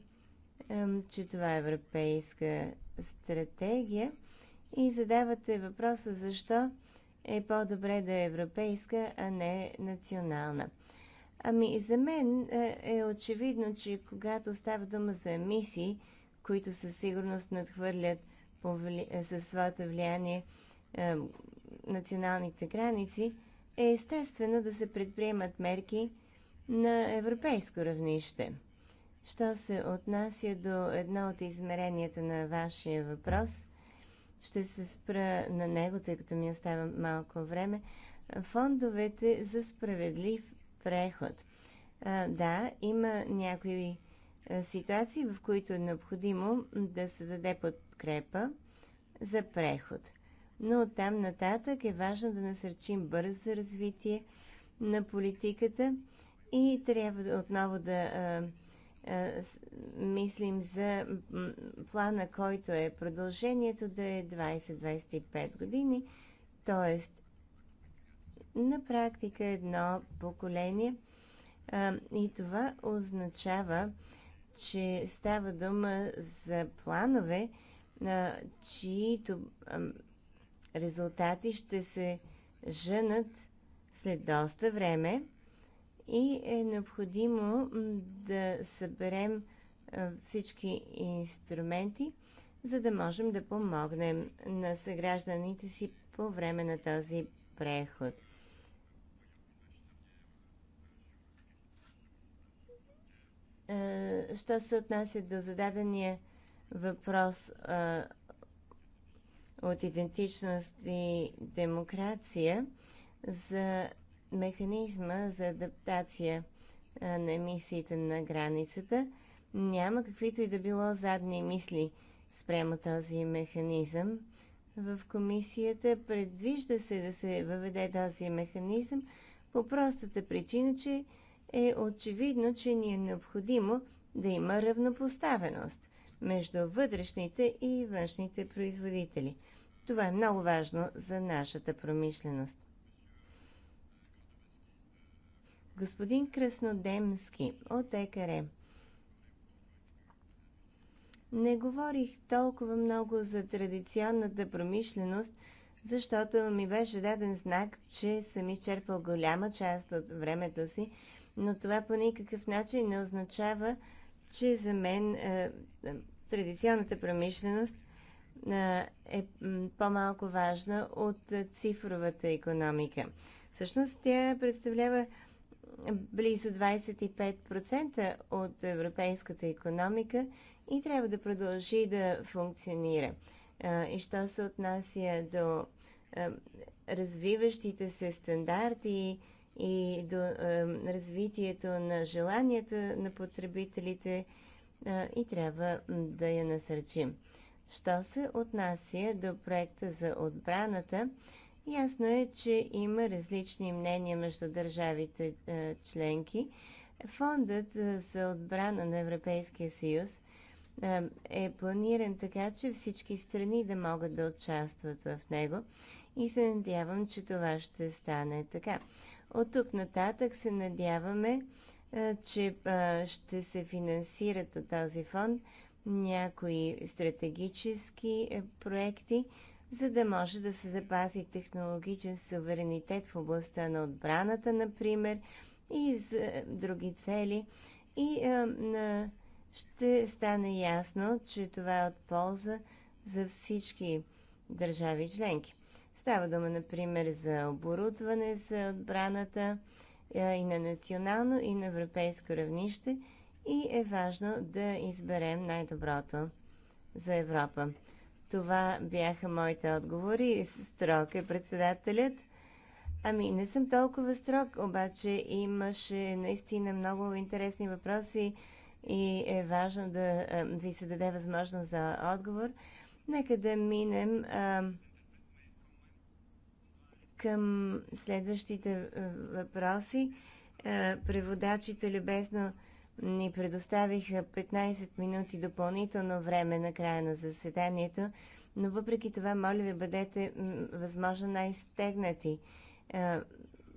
B: че това е европейска стратегия и задавате въпроса защо е по-добре да е европейска, а не национална. Ами за мен е, е очевидно, че когато става дума за емисии, които със сигурност надхвърлят е, със своето влияние е, националните граници, е естествено да се предприемат мерки на европейско равнище – Що се отнася до едно от измеренията на вашия въпрос, ще се спра на него, тъй като ми остава малко време. Фондовете за справедлив преход. А, да, има някои е, ситуации, в които е необходимо да се даде подкрепа за преход. Но от там нататък е важно да насърчим бързо развитие на политиката и трябва отново да е, е, мислим за плана, който е продължението да е 20-25 години, т.е. на практика едно поколение. Е, и това означава, че става дума за планове, е, чието резултати ще се женат след доста време – и е необходимо да съберем всички инструменти, за да можем да помогнем на съгражданите си по време на този преход. Що се отнася до зададения въпрос от идентичност и демокрация за механизма за адаптация на емисиите на границата, няма каквито и да било задни мисли спрямо този механизъм. В комисията предвижда се да се въведе този механизъм по простата причина, че е очевидно, че ни е необходимо да има равнопоставеност между вътрешните и външните производители. Това е много важно за нашата промишленост. Господин Краснодемски от ЕКР. Не говорих толкова много за традиционната промишленост, защото ми беше даден знак, че съм изчерпал голяма част от времето си, но това по никакъв начин не означава, че за мен е, е, традиционната промишленост е, е по-малко важна от цифровата економика. Всъщност тя представлява близо 25% от европейската економика и трябва да продължи да функционира. И що се отнася до развиващите се стандарти и до развитието на желанията на потребителите, и трябва да я насърчим. Що се отнася до проекта за отбраната, Ясно е, че има различни мнения между държавите е, членки. Фондът е, за отбрана на Европейския съюз е, е планиран така, че всички страни да могат да участват в него и се надявам, че това ще стане така. От тук нататък се надяваме, че ще се финансират от този фонд някои стратегически проекти за да може да се запази технологичен суверенитет в областта на отбраната, например, и за други цели. И а, ще стане ясно, че това е от полза за всички държави членки. Става дума, например, за оборудване за отбраната а, и на национално, и на европейско равнище и е важно да изберем най-доброто за Европа. Това бяха моите отговори. Строг е председателят. Ами, не съм толкова строг, обаче имаше наистина много интересни въпроси и е важно да е, ви се даде възможност за отговор. Нека да минем а, към следващите е, въпроси. А, е, преводачите любезно ни предоставиха 15 минути допълнително време на края на заседанието, но въпреки това, моля ви, бъдете възможно най-стегнати. Е,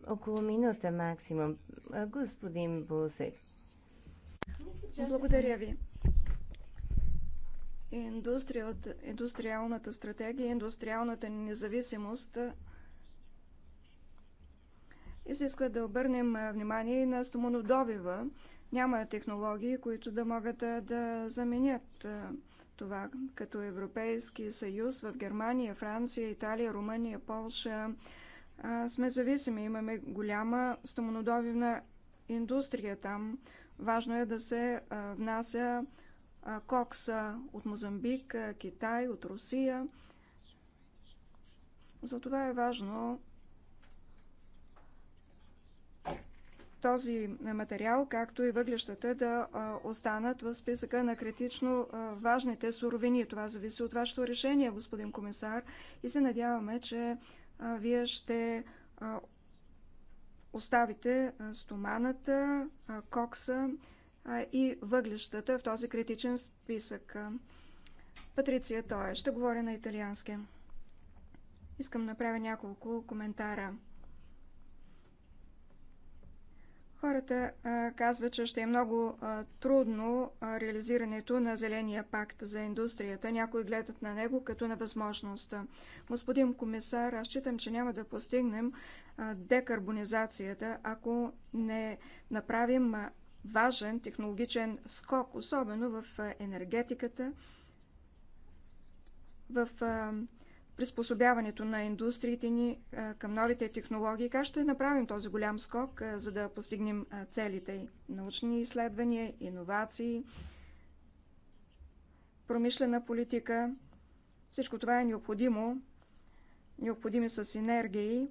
B: около минута максимум. Е, господин Бузек.
C: Благодаря ви. Индустрия, индустриалната стратегия, индустриалната независимост е, изисква да обърнем е, внимание на стомонодобива, няма технологии, които да могат да заменят това, като Европейски съюз в Германия, Франция, Италия, Румъния, Полша. Сме зависими, имаме голяма стомонодовивна индустрия там. Важно е да се внася кокса от Мозамбик, Китай, от Русия. Затова е важно този материал, както и въглещата, да останат в списъка на критично важните суровини. Това зависи от вашето решение, господин комисар, и се надяваме, че вие ще оставите стоманата, кокса и въглещата в този критичен списък. Патриция Тоя е. ще говори на италиански. Искам да направя няколко коментара. Хората казват, че ще е много трудно реализирането на Зеления пакт за индустрията. Някои гледат на него като на възможност. Господин комисар, аз считам, че няма да постигнем декарбонизацията, ако не направим важен технологичен скок, особено в енергетиката, в приспособяването на индустриите ни към новите технологии. Как ще направим този голям скок, за да постигнем целите? и Научни изследвания, иновации, промишлена политика. Всичко това е необходимо. Необходими са синергии.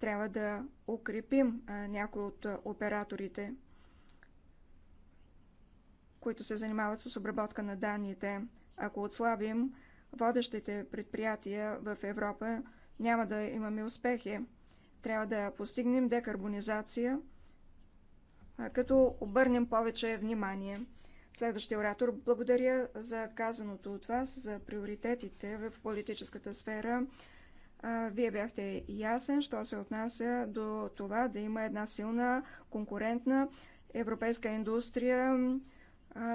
C: Трябва да укрепим някои от операторите, които се занимават с обработка на данните. Ако отслабим водещите предприятия в Европа, няма да имаме успехи. Трябва да постигнем декарбонизация, като обърнем повече внимание. Следващия оратор. Благодаря за казаното от вас, за приоритетите в политическата сфера. Вие бяхте ясен, що се отнася до това да има една силна, конкурентна европейска индустрия,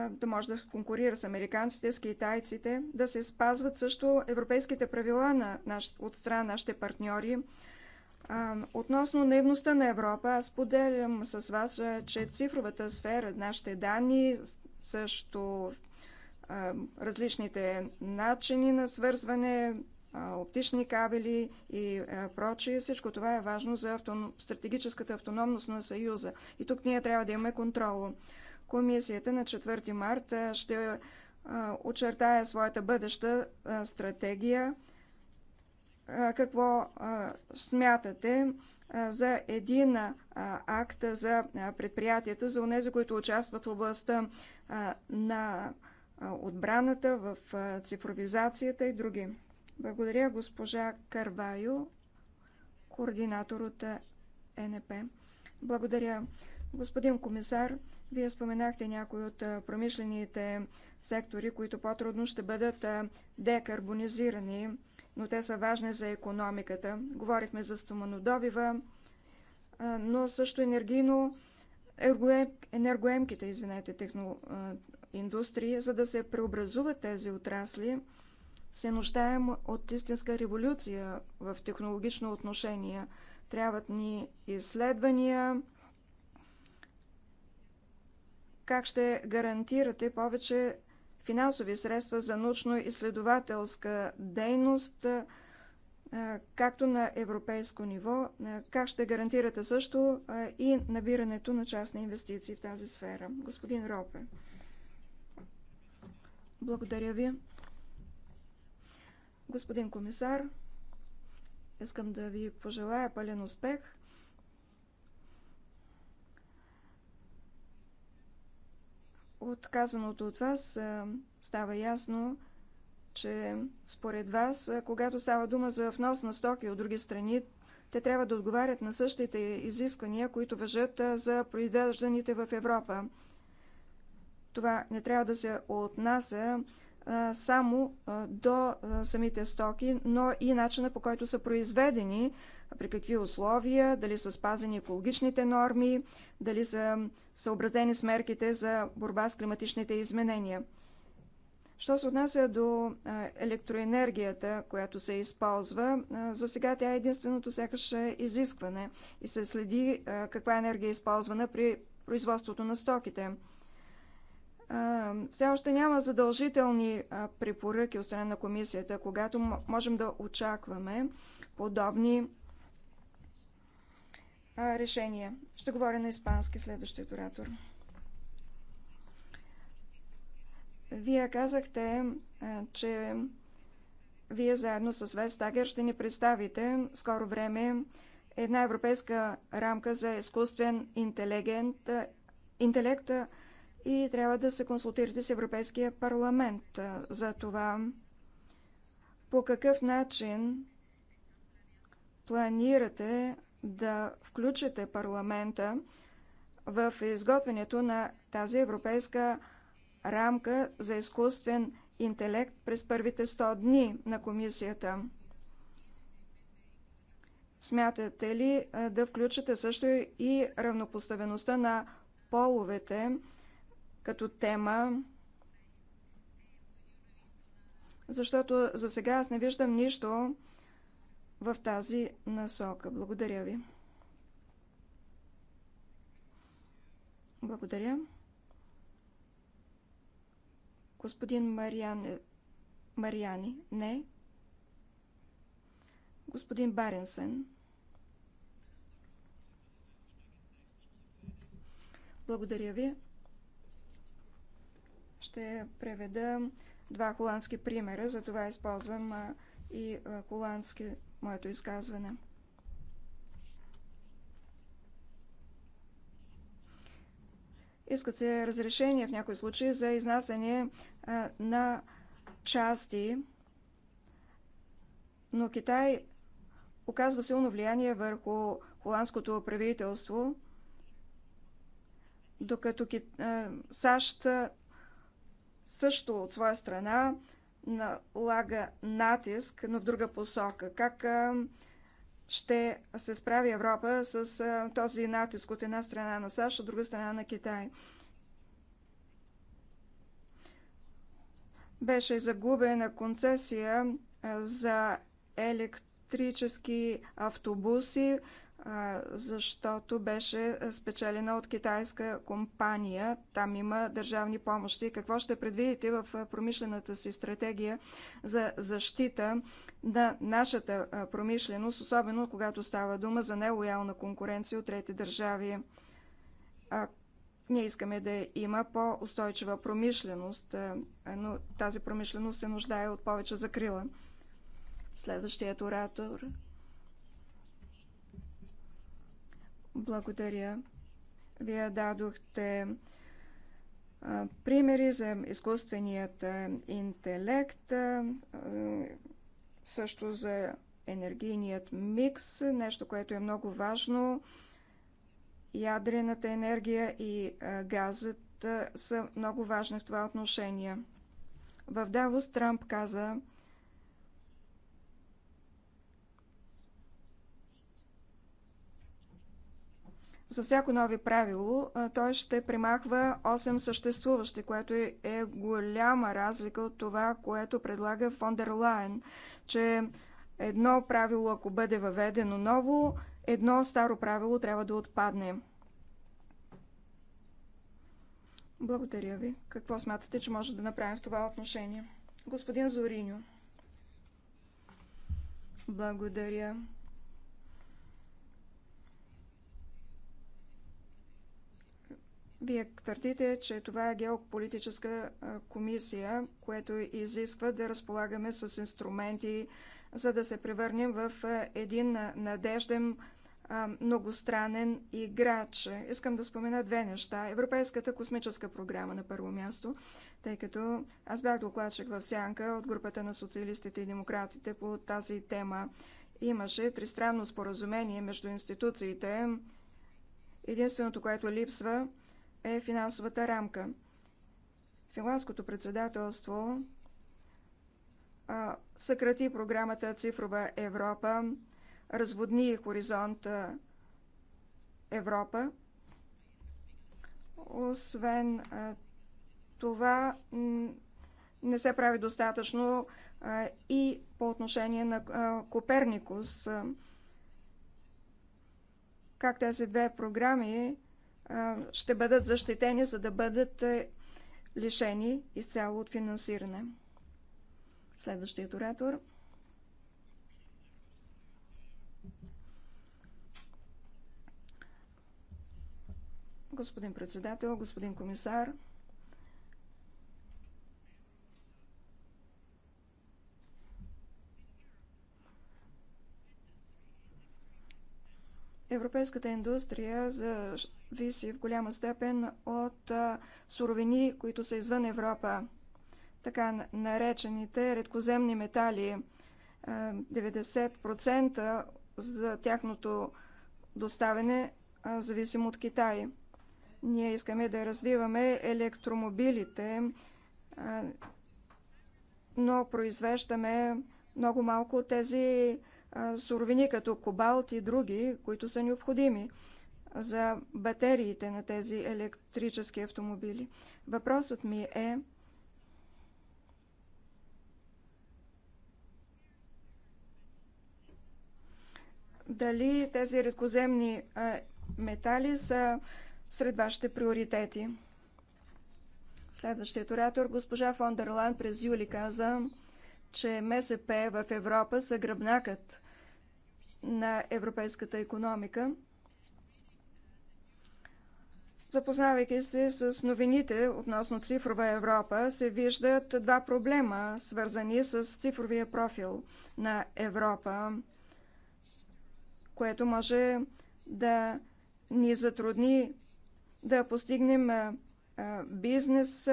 C: да може да конкурира с американците, с китайците, да се спазват също европейските правила на наш, от страна нашите партньори. Относно наивността на Европа, аз поделям с вас, че цифровата сфера, нашите данни, също различните начини на свързване, оптични кабели и прочие. Всичко това е важно за автоном, стратегическата автономност на Съюза. И тук ние трябва да имаме контрол. Комисията на 4 марта ще очертая своята бъдеща стратегия. Какво смятате за един акт за предприятията, за унези, които участват в областта на отбраната, в цифровизацията и други? Благодаря госпожа Карвайо, координатор от НП. Благодаря господин комисар. Вие споменахте някои от промишлените сектори, които по-трудно ще бъдат декарбонизирани, но те са важни за економиката. Говорихме за стоманодобива, но също енергийно енергоемките извинете, техно, индустрии, за да се преобразуват тези отрасли, се нуждаем от истинска революция в технологично отношение. Трябват ни изследвания, как ще гарантирате повече финансови средства за научно-изследователска дейност, както на европейско ниво? Как ще гарантирате също и набирането на частни инвестиции в тази сфера? Господин Ропе. Благодаря ви. Господин комисар, искам да ви пожелая пълен успех От казаното от вас става ясно, че според вас, когато става дума за внос на стоки от други страни, те трябва да отговарят на същите изисквания, които въжат за произвежданите в Европа. Това не трябва да се отнася само до самите стоки, но и начина по който са произведени, при какви условия, дали са спазени екологичните норми, дали са съобразени с мерките за борба с климатичните изменения. Що се отнася до електроенергията, която се използва, за сега тя е единственото сякаш изискване и се следи каква енергия е използвана при производството на стоките все още няма задължителни препоръки от страна на комисията, когато можем да очакваме подобни решения. Ще говоря на испански следващия оратор. Вие казахте, че вие заедно с Вестагер ще ни представите скоро време една европейска рамка за изкуствен интелект, интелект и трябва да се консултирате с Европейския парламент за това по какъв начин планирате да включите парламента в изготвянето на тази европейска рамка за изкуствен интелект през първите 100 дни на комисията. Смятате ли да включите също и равнопоставеността на половете като тема, защото за сега аз не виждам нищо в тази насока. Благодаря ви. Благодаря. Господин Мариан... Мариани, не. Господин Баренсен. Благодаря ви. Ще преведа два холандски примера, За това използвам и холандски моето изказване. Искат се разрешение в някои случаи за изнасяне на части, но Китай оказва силно влияние върху холандското правителство, докато САЩ също от своя страна налага натиск, но в друга посока. Как ще се справи Европа с този натиск от една страна на САЩ, от друга страна на Китай? Беше загубена концесия за електрически автобуси защото беше спечелена от китайска компания. Там има държавни помощи. Какво ще предвидите в промишлената си стратегия за защита на нашата промишленост, особено когато става дума за нелоялна конкуренция от трети държави? А, ние искаме да има по-устойчива промишленост, но тази промишленост се нуждае от повече закрила. Следващият оратор Благодаря. Вие дадохте примери за изкуственият интелект, също за енергийният микс, нещо, което е много важно. Ядрената енергия и газът са много важни в това отношение. В Давос Трамп каза, За всяко нови правило той ще примахва 8 съществуващи, което е, е голяма разлика от това, което предлага Фондер че едно правило, ако бъде въведено ново, едно старо правило трябва да отпадне. Благодаря ви. Какво смятате, че може да направим в това отношение? Господин Зориньо. Благодаря. Вие твърдите, че това е геополитическа комисия, което изисква да разполагаме с инструменти, за да се превърнем в един надежден многостранен играч. Искам да спомена две неща. Европейската космическа програма на първо място, тъй като аз бях докладчик в Сянка от групата на социалистите и демократите по тази тема. Имаше тристранно споразумение между институциите. Единственото, което липсва, е финансовата рамка. Финландското председателство съкрати програмата Цифрова Европа, разводни хоризонт Европа. Освен това, не се прави достатъчно и по отношение на Коперникус. Как тези две програми ще бъдат защитени, за да бъдат е, лишени изцяло от финансиране. Следващият оратор. Господин председател, господин комисар, Европейската индустрия зависи в голяма степен от суровини, които са извън Европа. Така наречените редкоземни метали. 90% е, за тяхното доставяне зависим от Китай. Ние искаме да развиваме електромобилите, е, но произвеждаме много малко от тези суровини като кобалт и други, които са необходими за батериите на тези електрически автомобили. Въпросът ми е дали тези редкоземни метали са сред вашите приоритети. Следващият оратор, госпожа Фондерлан, през юли каза, че МСП в Европа са гръбнакът на европейската економика. Запознавайки се с новините относно цифрова Европа, се виждат два проблема, свързани с цифровия профил на Европа, което може да ни затрудни да постигнем бизнес,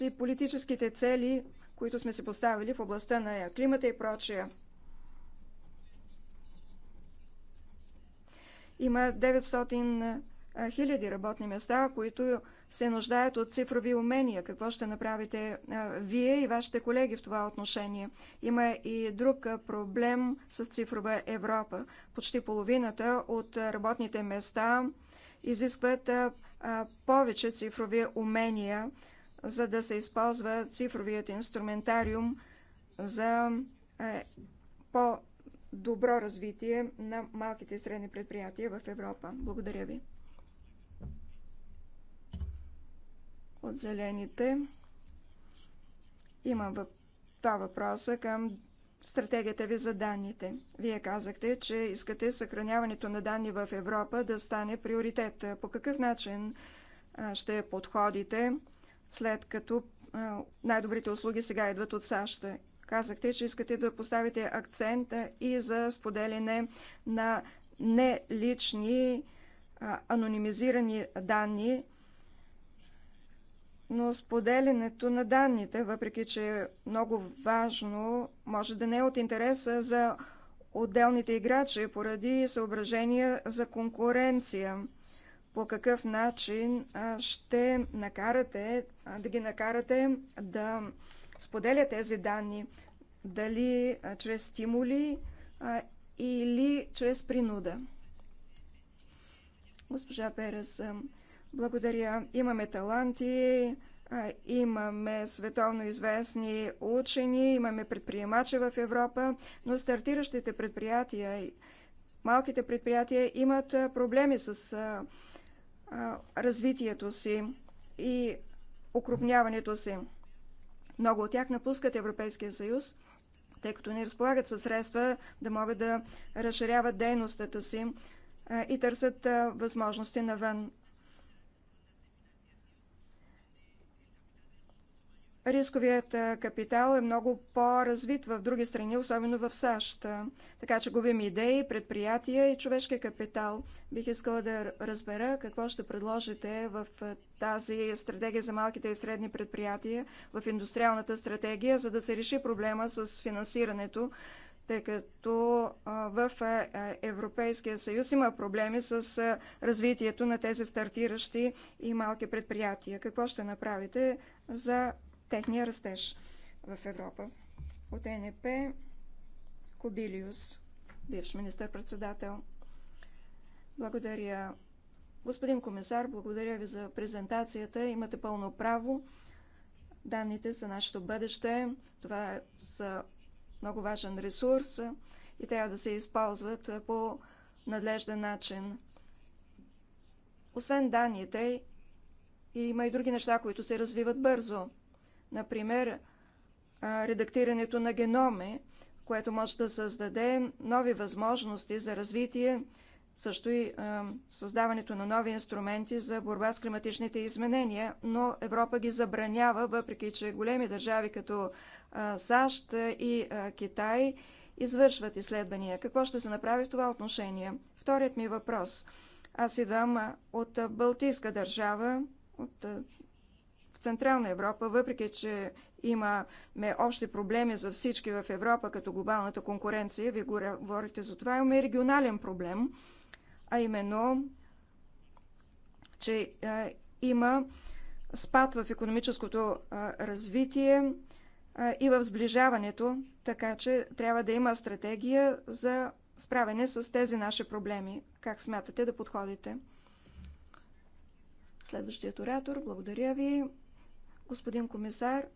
C: и политическите цели които сме се поставили в областта на климата и прочее. Има 900 хиляди работни места, които се нуждаят от цифрови умения. Какво ще направите вие и вашите колеги в това отношение? Има и друг проблем с цифрова Европа. Почти половината от работните места изискват повече цифрови умения за да се използва цифровият инструментариум за е, по-добро развитие на малките и средни предприятия в Европа. Благодаря ви. От зелените имам два въпроса към стратегията ви за данните. Вие казахте, че искате съхраняването на данни в Европа да стане приоритет. По какъв начин ще подходите? след като най-добрите услуги сега идват от САЩ. Казахте, че искате да поставите акцент и за споделяне на нелични анонимизирани данни, но споделянето на данните, въпреки че е много важно, може да не е от интереса за отделните играчи поради съображения за конкуренция по какъв начин ще накарате, да ги накарате да споделят тези данни. Дали чрез стимули или чрез принуда. Госпожа Перес, благодаря. Имаме таланти, имаме световно известни учени, имаме предприемачи в Европа, но стартиращите предприятия, малките предприятия имат проблеми с развитието си и укрупняването си. Много от тях напускат Европейския съюз, тъй като не разполагат със средства да могат да разширяват дейността си и търсят възможности навън. Рисковият капитал е много по-развит в други страни, особено в САЩ. Така че губим идеи, предприятия и човешки капитал. Бих искала да разбера какво ще предложите в тази стратегия за малките и средни предприятия, в индустриалната стратегия, за да се реши проблема с финансирането, тъй като в Европейския съюз има проблеми с развитието на тези стартиращи и малки предприятия. Какво ще направите за техния растеж в Европа. От ЕНП Кобилиус, бивш министър-председател. Благодаря. Господин комисар, благодаря ви за презентацията. Имате пълно право. Данните за нашето бъдеще. Това е са много важен ресурс и трябва да се използват по надлежден начин. Освен данните, има и други неща, които се развиват бързо. Например, редактирането на геноми, което може да създаде нови възможности за развитие, също и създаването на нови инструменти за борба с климатичните изменения, но Европа ги забранява, въпреки че големи държави като САЩ и Китай извършват изследвания. Какво ще се направи в това отношение? Вторият ми въпрос. Аз идвам от Балтийска държава, от в Централна Европа, въпреки че имаме общи проблеми за всички в Европа, като глобалната конкуренция, вие говорите за това, имаме регионален проблем, а именно, че е, има спад в економическото е, развитие е, и в сближаването, така че трябва да има стратегия за справяне с тези наши проблеми. Как смятате да подходите? Следващият оратор, благодаря ви. Господин комисар,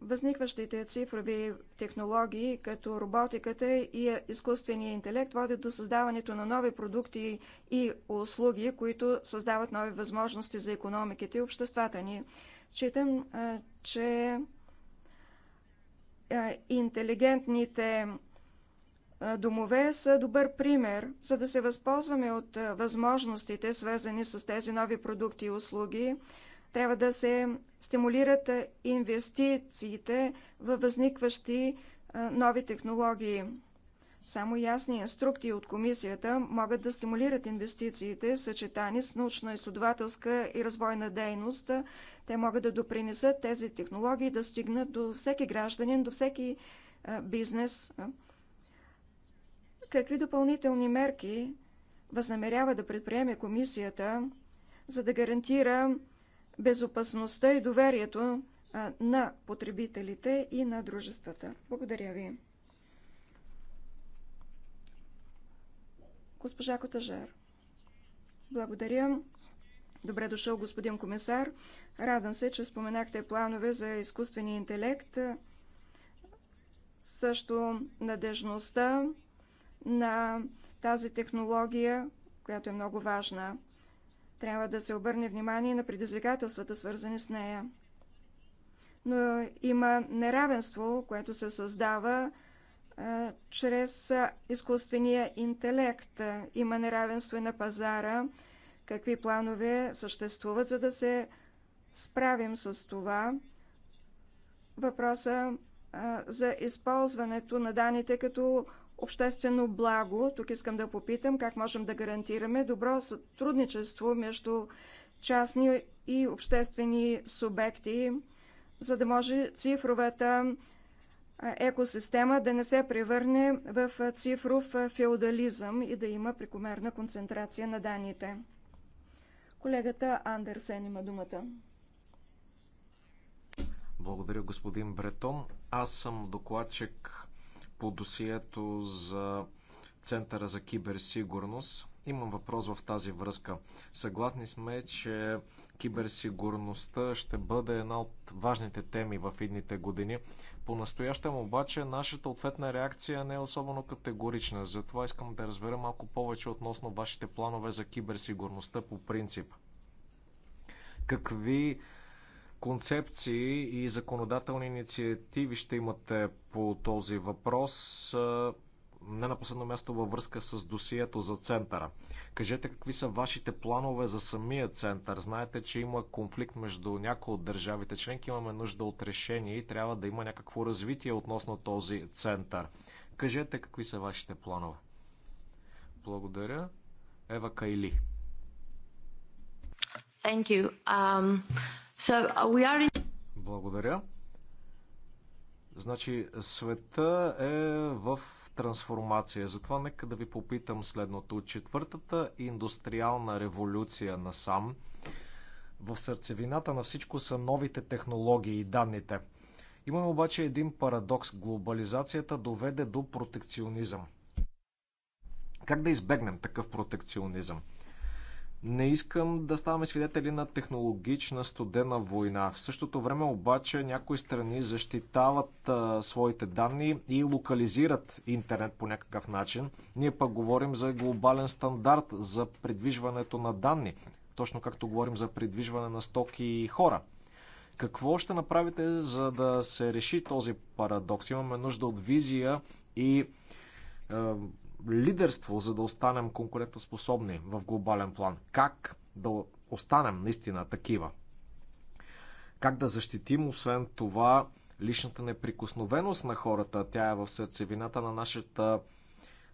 C: възникващите цифрови технологии, като роботиката и изкуствения интелект, водят до създаването на нови продукти и услуги, които създават нови възможности за економиките и обществата ни. Читам, че интелигентните домове са добър пример, за да се възползваме от възможностите, свързани с тези нови продукти и услуги. Трябва да се стимулират е, инвестициите във възникващи е, нови технологии. Само ясни инструкции от комисията могат да стимулират инвестициите, съчетани с научно-изследователска и развойна дейност. Те могат да допринесат тези технологии да стигнат до всеки гражданин, до всеки е, бизнес. Какви допълнителни мерки възнамерява да предприеме комисията, за да гарантира безопасността и доверието на потребителите и на дружествата. Благодаря ви. Госпожа Котажар. Благодаря. Добре дошъл, господин комисар. Радвам се, че споменахте планове за изкуствения интелект, също надежността на тази технология, която е много важна. Трябва да се обърне внимание на предизвикателствата, свързани с нея. Но има неравенство, което се създава а, чрез изкуствения интелект. Има неравенство и на пазара. Какви планове съществуват, за да се справим с това? Въпроса а, за използването на данните като обществено благо. Тук искам да попитам как можем да гарантираме добро сътрудничество между частни и обществени субекти, за да може цифровата екосистема да не се превърне в цифров феодализъм и да има прекомерна концентрация на данните. Колегата Андерсен има думата.
A: Благодаря, господин Бретон. Аз съм докладчик по досието за Центъра за киберсигурност. Имам въпрос в тази връзка. Съгласни сме, че киберсигурността ще бъде една от важните теми в идните години. По-настоящем обаче нашата ответна реакция не е особено категорична. Затова искам да разбера малко повече относно вашите планове за киберсигурността по принцип. Какви концепции и законодателни инициативи ще имате по този въпрос? Не на последно място във връзка с досието за центъра. Кажете какви са вашите планове за самия център. Знаете, че има конфликт между някои от държавите членки. Имаме нужда от решение и трябва да има някакво развитие относно този център. Кажете какви са вашите планове. Благодаря. Ева Кайли.
B: Thank you. Um... Uh,
A: Благодаря. Значи, света е в трансформация. Затова нека да ви попитам следното. Четвъртата индустриална революция насам, в сърцевината на всичко са новите технологии и данните. Имаме обаче един парадокс. Глобализацията доведе до протекционизъм. Как да избегнем такъв протекционизъм? Не искам да ставаме свидетели на технологична студена война. В същото време обаче някои страни защитават а, своите данни и локализират интернет по някакъв начин. Ние пък говорим за глобален стандарт за придвижването на данни, точно както говорим за придвижване на стоки и хора. Какво ще направите, за да се реши този парадокс? Имаме нужда от визия и лидерство, за да останем конкурентоспособни в глобален план? Как да останем наистина такива? Как да защитим, освен това, личната неприкосновеност на хората? Тя е в сърцевината на нашата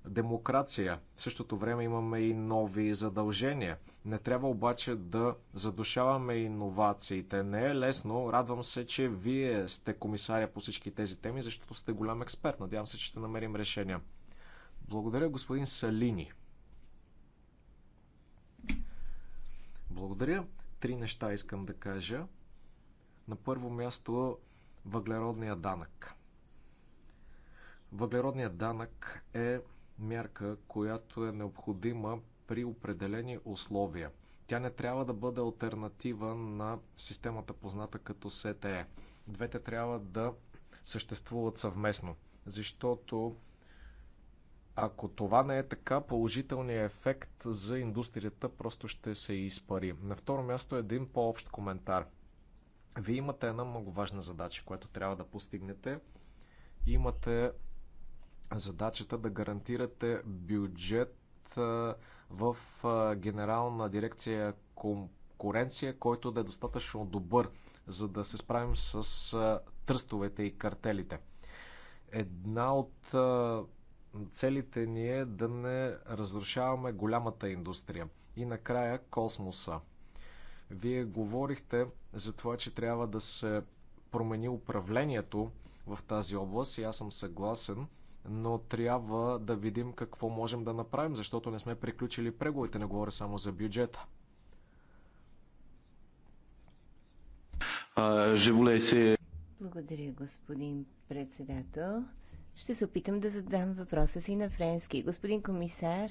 A: демокрация. В същото време имаме и нови задължения. Не трябва обаче да задушаваме иновациите. Не е лесно. Радвам се, че вие сте комисаря по всички тези теми, защото сте голям експерт. Надявам се, че ще намерим решения. Благодаря, господин Салини. Благодаря. Три неща искам да кажа. На първо място въглеродния данък. Въглеродният данък е мярка, която е необходима при определени условия. Тя не трябва да бъде альтернатива на системата позната като СТЕ. Двете трябва да съществуват съвместно, защото ако това не е така, положителният ефект за индустрията просто ще се изпари. На второ място е един по-общ коментар. Вие имате една много важна задача, която трябва да постигнете. Имате задачата да гарантирате бюджет в генерална дирекция конкуренция, който да е достатъчно добър, за да се справим с тръстовете и картелите. Една от целите ни е да не разрушаваме голямата индустрия. И накрая космоса. Вие говорихте за това, че трябва да се промени управлението в тази област и аз съм съгласен, но трябва да видим какво можем да направим, защото не сме приключили преговорите, не говоря само за бюджета.
B: Благодаря, господин председател ще се опитам да задам въпроса си на френски. Господин комисар,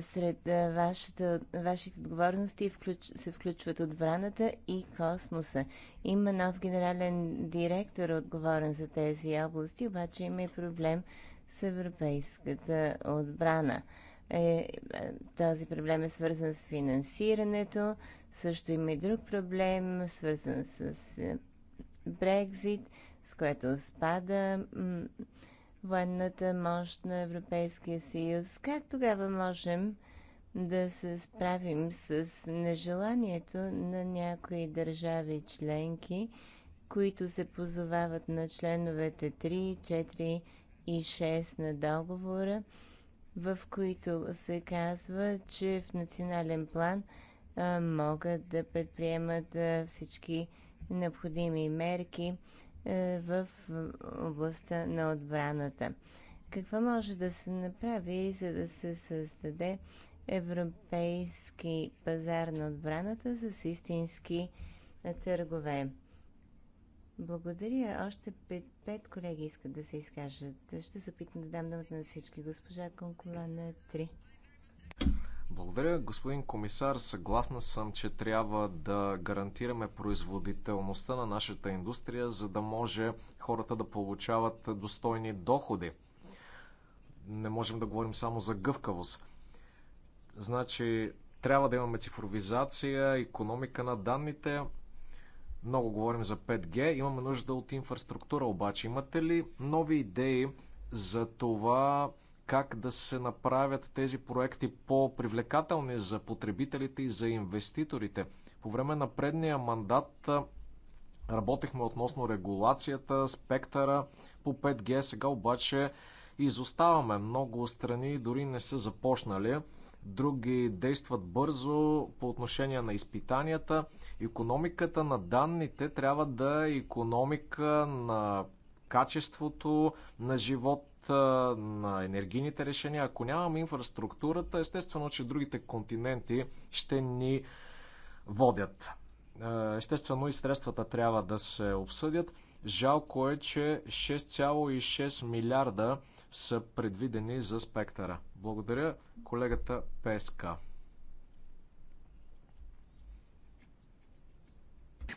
B: сред вашата, вашите отговорности включ, се включват отбраната и космоса. Има нов генерален директор, отговорен за тези области, обаче има и проблем с европейската отбрана. Е, е този проблем е свързан с финансирането, също има и друг проблем, свързан с е, Брекзит, с което спада военната мощ на Европейския съюз. Как тогава можем да се справим с нежеланието на някои държави членки, които се позовават на членовете 3, 4 и 6 на договора, в които се казва, че в национален план а, могат да предприемат а, всички необходими мерки е, в областта на отбраната. Какво може да се направи, за да се създаде европейски пазар на отбраната с истински търгове? Благодаря. Още пет, пет колеги искат да се изкажат. Ще се опитам да дам думата на всички. Госпожа Конкола на 3.
A: Благодаря, господин комисар. Съгласна съм, че трябва да гарантираме производителността на нашата индустрия, за да може хората да получават достойни доходи. Не можем да говорим само за гъвкавост. Значи, трябва да имаме цифровизация, економика на данните. Много говорим за 5G. Имаме нужда от инфраструктура обаче. Имате ли нови идеи за това? как да се направят тези проекти по-привлекателни за потребителите и за инвеститорите. По време на предния мандат работехме относно регулацията, спектъра по 5G, сега обаче изоставаме. Много страни дори не са започнали. Други действат бързо по отношение на изпитанията. Економиката на данните трябва да е економика на качеството на живот, на енергийните решения. Ако нямаме инфраструктурата, естествено, че другите континенти ще ни водят. Естествено и средствата трябва да се обсъдят. Жалко е, че 6,6 милиарда са предвидени за спектъра. Благодаря колегата ПСК.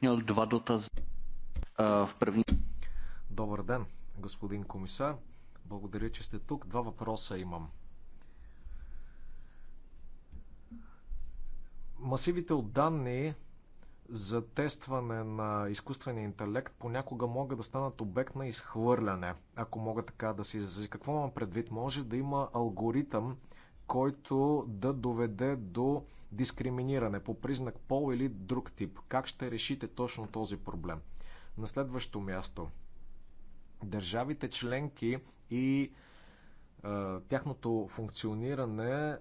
A: Имал два дота в първи. Добър ден, господин комисар. Благодаря, че сте тук. Два въпроса имам. Масивите от данни за тестване на изкуствения интелект понякога могат да станат обект на изхвърляне, ако мога така да се изрази. Какво имам предвид? Може да има алгоритъм, който да доведе до дискриминиране по признак пол или друг тип. Как ще решите точно този проблем? На следващо място – Държавите членки и тяхното функциониране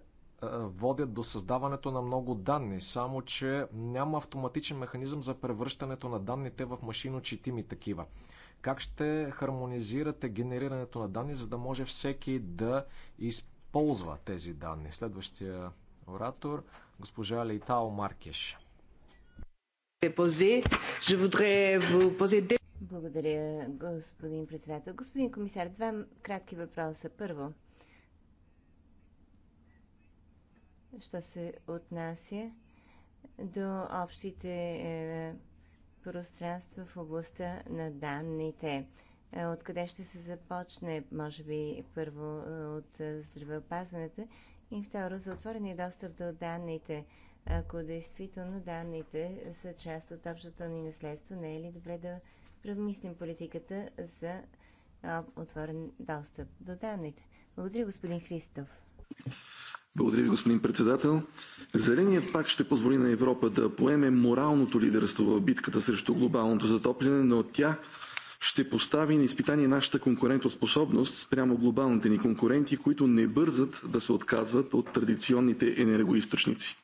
A: водят до създаването на много данни, само че няма автоматичен механизъм за превръщането на данните в машиночетими такива. Как ще хармонизирате генерирането на данни, за да може всеки да използва тези данни? Следващия оратор, госпожа Лейтао Маркеш.
B: Благодаря, господин председател. Господин комисар, два кратки въпроса. Първо, що се отнася до общите е, пространства в областта на данните. Е, откъде ще се започне, може би, първо е, от е, здравеопазването и второ за отворения достъп до данните. Ако действително данните са част от общото ни наследство, не е ли добре да преосмислим политиката за отворен достъп до данните. Благодаря, господин Христов.
A: Благодаря ви, господин председател. Зеленият пакт ще позволи на Европа да поеме моралното лидерство в битката срещу глобалното затопляне, но тя ще постави на изпитание нашата конкурентоспособност спрямо глобалните ни конкуренти, които не бързат да се отказват от традиционните енергоисточници.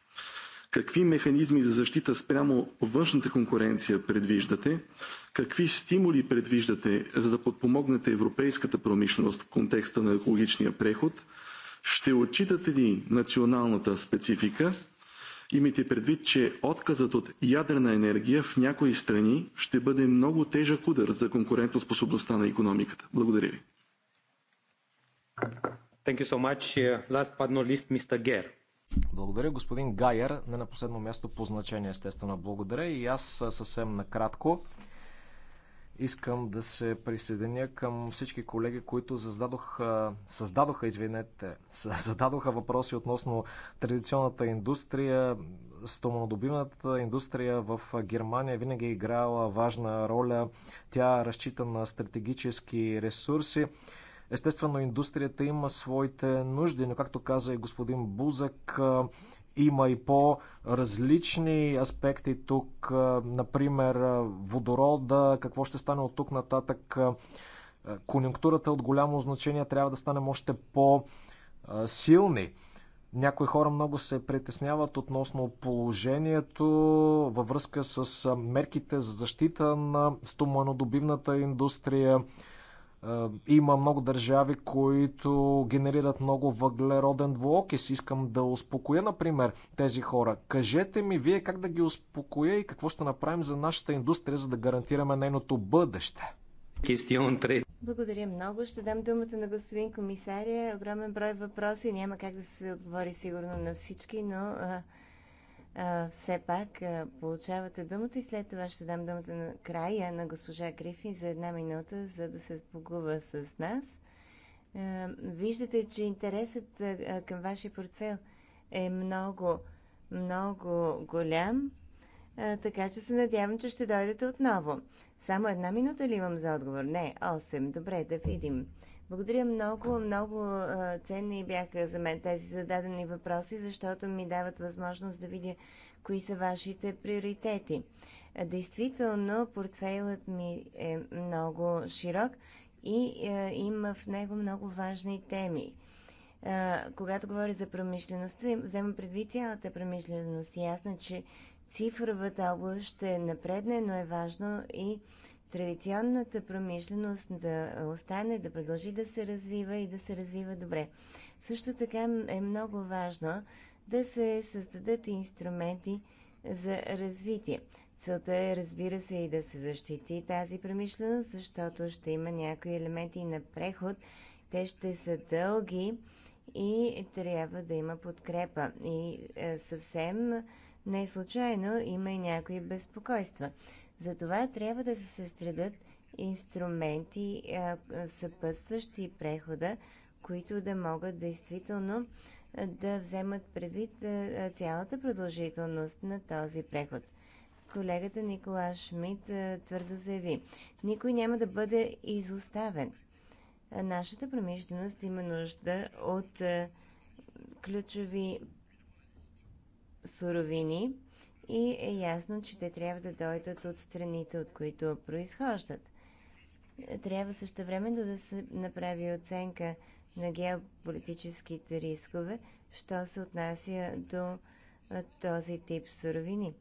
A: Какви механизми за защита спрямо външната конкуренция предвиждате? Какви стимули предвиждате, за да подпомогнете европейската промишленост в контекста на екологичния преход? Ще отчитате ли националната специфика? Имайте предвид, че отказът от ядрена енергия
B: в някои страни ще бъде много тежък удар за конкурентоспособността на економиката. Благодаря ви.
A: Thank you so much. Last but not least, Mr. Gare. Благодаря, господин Гайер. Не на последно място по значение, естествено. Благодаря и аз съвсем накратко искам да се присъединя към всички колеги, които зададоха, създадоха, извинете, зададоха въпроси относно традиционната индустрия, стоманодобивната индустрия в Германия винаги е играла важна роля. Тя разчита на стратегически ресурси. Естествено, индустрията има своите нужди, но както каза и господин Бузък, има и по-различни аспекти тук, например водорода, какво ще стане от тук нататък. Конюнктурата от голямо значение трябва да станем още по-силни. Някои хора много се притесняват относно положението във връзка с мерките за защита на стоманодобивната индустрия. Е, има много държави, които генерират много въглероден двуокис. Искам да успокоя, например, тези хора. Кажете ми вие как да ги успокоя и какво ще направим за нашата индустрия, за да гарантираме нейното бъдеще.
B: Благодаря много. Ще дам думата на господин комисария. Огромен брой въпроси. Няма как да се отговори сигурно на всички, но а, а, все пак а, получавате думата и след това ще дам думата на края на госпожа Грифин за една минута, за да се спогува с нас. А, виждате, че интересът а, към вашия портфел е много, много голям, а, така че се надявам, че ще дойдете отново. Само една минута ли имам за отговор? Не, 8. Добре, да видим. Благодаря много, много ценни бяха за мен тези зададени въпроси, защото ми дават възможност да видя кои са вашите приоритети. Действително, портфейлът ми е много широк и е, има в него много важни теми. Е, когато говоря за промишлеността, взема предвид цялата промишленост. Ясно, че цифровата област ще е напредне, но е важно и е, традиционната промишленост да остане, да продължи да се развива и да се развива добре. Също така е много важно да се създадат инструменти за развитие. Целта е, разбира се, и да се защити тази промишленост, защото ще има някои елементи на преход. Те ще са дълги и трябва да има подкрепа. И е, съвсем не случайно има и някои безпокойства. За това трябва да се състредат инструменти, съпътстващи прехода, които да могат действително да вземат предвид цялата продължителност на този преход. Колегата Никола Шмидт твърдо заяви, никой няма да бъде изоставен. Нашата промишленост има нужда от ключови суровини, и е ясно, че те трябва да дойдат от страните, от които произхождат. Трябва също времено да се направи оценка на геополитическите рискове, що се отнася до този тип суровини.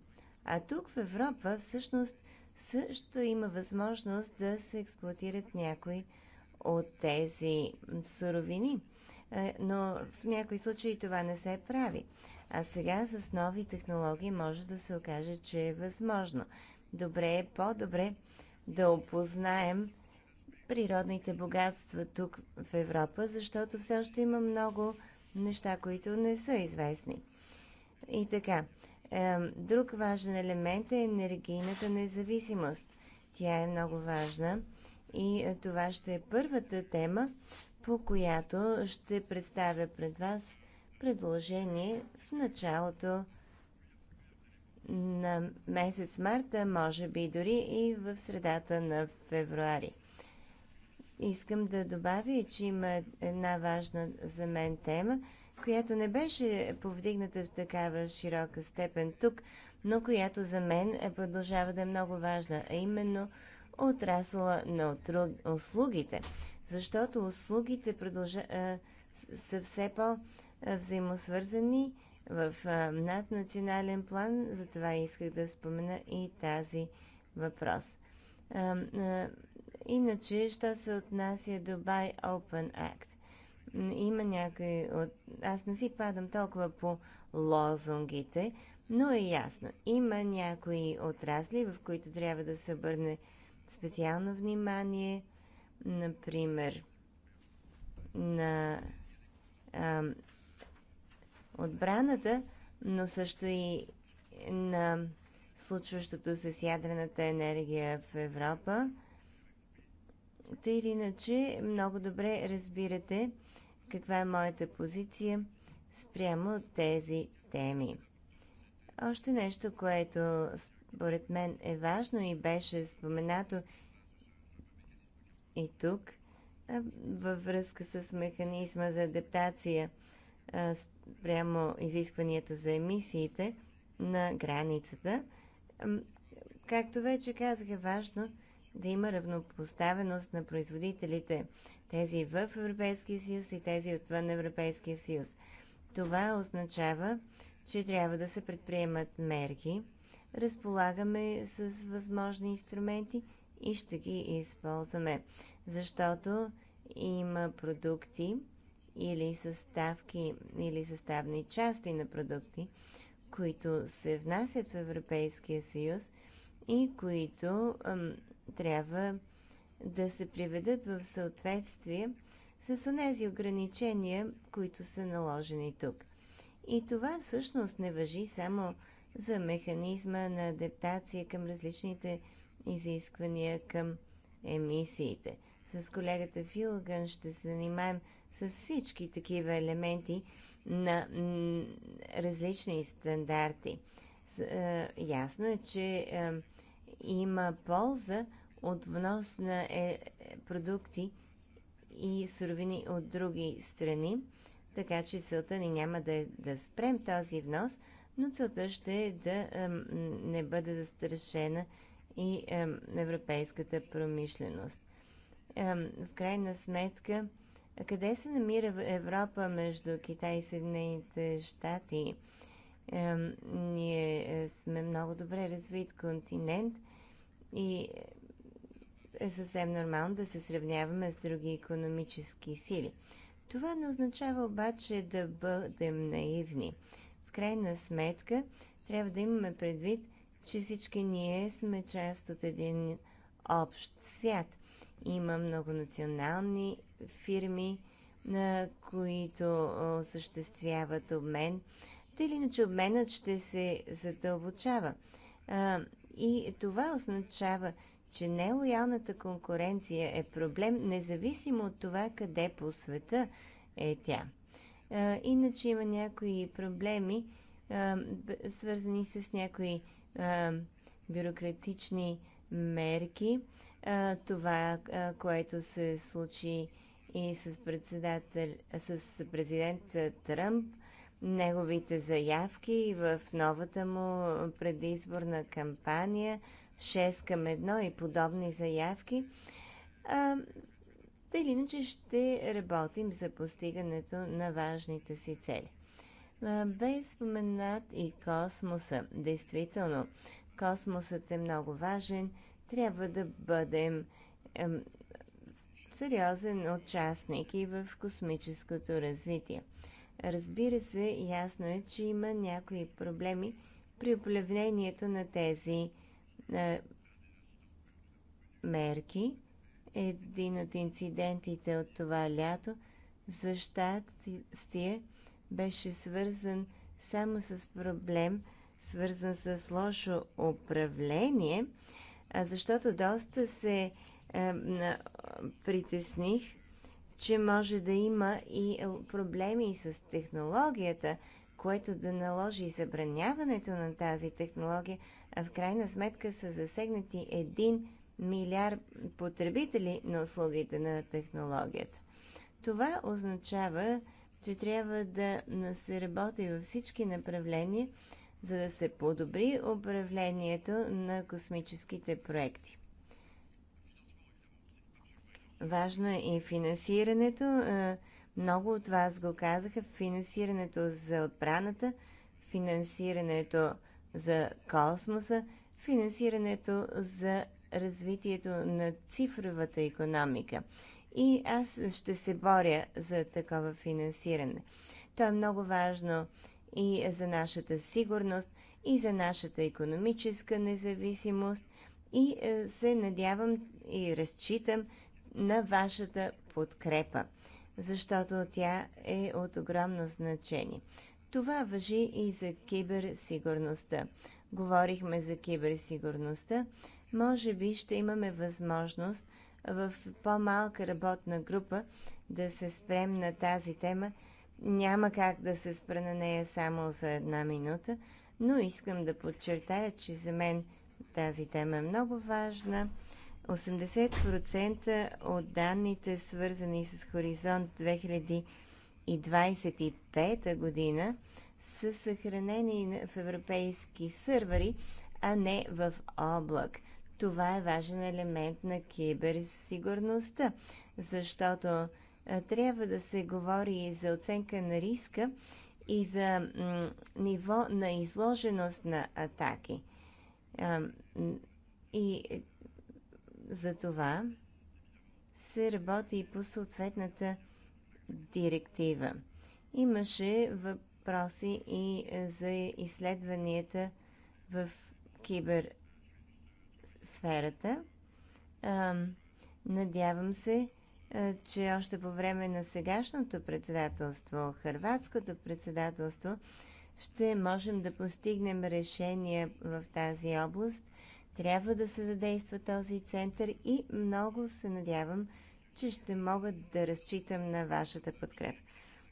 B: А тук в Европа всъщност също има възможност да се експлуатират някои от тези суровини. Е, но в някои случаи това не се прави. А сега с нови технологии може да се окаже, че е възможно. Добре е по-добре да опознаем природните богатства тук в Европа, защото все още има много неща, които не са известни. И така, е, друг важен елемент е енергийната независимост. Тя е много важна и е, това ще е първата тема, по която ще представя пред вас предложение в началото на месец марта, може би дори и в средата на февруари. Искам да добавя, че има една важна за мен тема, която не беше повдигната в такава широка степен тук, но която за мен е, продължава да е много важна, а именно отрасла на услугите. Защото услугите продължа, са все по- взаимосвързани в наднационален план, затова исках да спомена и тази въпрос. Иначе, що се отнася до Buy Open Act? Има някой от... Аз не си падам толкова по лозунгите, но е ясно. Има някои отрасли, в които трябва да се обърне специално внимание, например, на отбраната, но също и на случващото се с ядрената енергия в Европа. Тъй или иначе, много добре разбирате каква е моята позиция спрямо от тези теми. Още нещо, което според мен е важно и беше споменато и тук, във връзка с механизма за адаптация Прямо изискванията за емисиите на границата. Както вече казах, е важно да има равнопоставеност на производителите, тези в Европейския съюз и тези отвън Европейския съюз. Това означава, че трябва да се предприемат мерки. Разполагаме с възможни инструменти и ще ги използваме, защото има продукти, или съставки или съставни части на продукти, които се внасят в Европейския съюз и които ам, трябва да се приведат в съответствие с тези ограничения, които са наложени тук. И това всъщност не въжи само за механизма на адаптация към различните изисквания към емисиите. С колегата Филган ще се занимаем с всички такива елементи на различни стандарти. Е, ясно е, че е, има полза от внос на е, продукти и суровини от други страни, така че целта ни няма да да спрем този внос, но целта ще е да не бъде застрашена и европейската промишленост. В крайна сметка, къде се намира Европа между Китай и Съединените щати? ние е, сме много добре развит континент и е, е съвсем нормално да се сравняваме с други економически сили. Това не означава обаче да бъдем наивни. В крайна сметка трябва да имаме предвид, че всички ние сме част от един общ свят. Има многонационални фирми, на които осъществяват обмен. Тъй или иначе обменът ще се задълбочава. И това означава, че нелоялната конкуренция е проблем, независимо от това къде по света е тя. Иначе има някои проблеми, свързани с някои бюрократични мерки. Това, което се случи и с, председател, с президент Тръмп неговите заявки в новата му предизборна кампания 6 към 1 и подобни заявки. А, да или иначе ще работим за постигането на важните си цели. А, бе споменат и космоса. Действително, космосът е много важен. Трябва да бъдем сериозен участник и в космическото развитие. Разбира се, ясно е, че има някои проблеми при управлението на тези е, мерки. Един от инцидентите от това лято за щастие беше свързан само с проблем, свързан с лошо управление, защото доста се е, притесних, че може да има и проблеми с технологията, което да наложи забраняването на тази технология, а в крайна сметка са засегнати 1 милиард потребители на услугите на технологията. Това означава, че трябва да се работи във всички направления, за да се подобри управлението на космическите проекти. Важно е и финансирането. Много от вас го казаха. Финансирането за отбраната, финансирането за космоса, финансирането за развитието на цифровата економика. И аз ще се боря за такова финансиране. То е много важно и за нашата сигурност, и за нашата економическа независимост. И е, се надявам и разчитам, на вашата подкрепа, защото тя е от огромно значение. Това въжи и за киберсигурността. Говорихме за киберсигурността. Може би ще имаме възможност в по-малка работна група да се спрем на тази тема. Няма как да се спра на нея само за една минута, но искам да подчертая, че за мен тази тема е много важна. 80% от данните, свързани с Хоризонт 2025 година, са съхранени в европейски сървъри, а не в облак. Това е важен елемент на киберсигурността, защото трябва да се говори и за оценка на риска и за ниво на изложеност на атаки. И за това се работи и по съответната директива. Имаше въпроси и за изследванията в киберсферата. Надявам се, че още по време на сегашното председателство, хърватското председателство, ще можем да постигнем решения в тази област трябва да се задейства този център и много се надявам, че ще мога да разчитам на вашата подкрепа.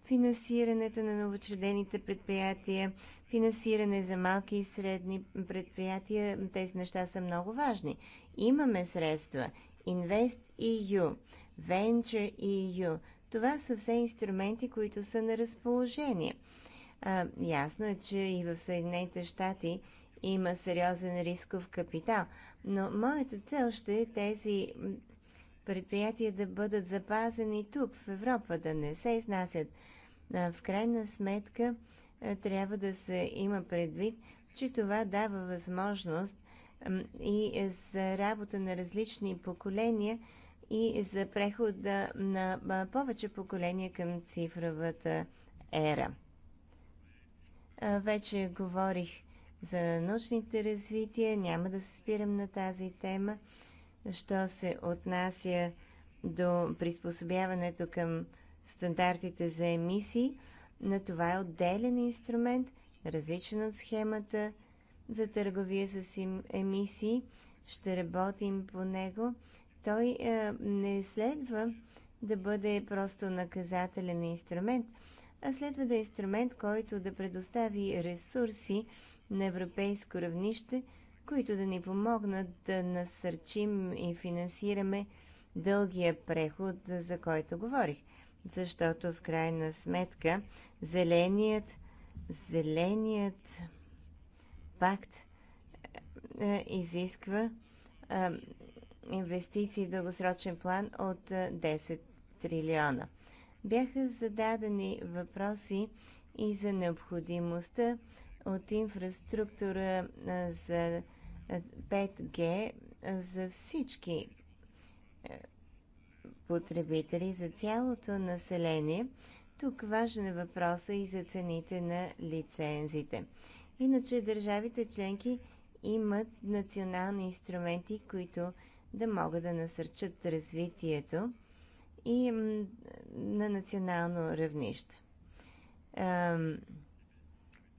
B: Финансирането на новочредените предприятия, финансиране за малки и средни предприятия, тези неща са много важни. Имаме средства. Invest EU, Venture EU. Това са все инструменти, които са на разположение. А, ясно е, че и в Съединените щати има сериозен рисков капитал. Но моята цел ще е тези предприятия да бъдат запазени тук, в Европа, да не се изнасят. В крайна сметка трябва да се има предвид, че това дава възможност и за работа на различни поколения и за прехода на повече поколения към цифровата ера. Вече говорих за научните развития. Няма да се спирам на тази тема. Що се отнася до приспособяването към стандартите за емисии, на това е отделен инструмент, различен от схемата за търговия с емисии. Ще работим по него. Той е, не следва да бъде просто наказателен инструмент, а следва да е инструмент, който да предостави ресурси на европейско равнище, които да ни помогнат да насърчим и финансираме дългия преход, за който говорих. Защото в крайна сметка зеленият, зеленият пакт е, изисква е, инвестиции в дългосрочен план от 10 е, трилиона. Бяха зададени въпроси и за необходимостта от инфраструктура за 5G за всички потребители, за цялото население. Тук важен е въпросът и за цените на лицензите. Иначе държавите членки имат национални инструменти, които да могат да насърчат развитието и на национално равнище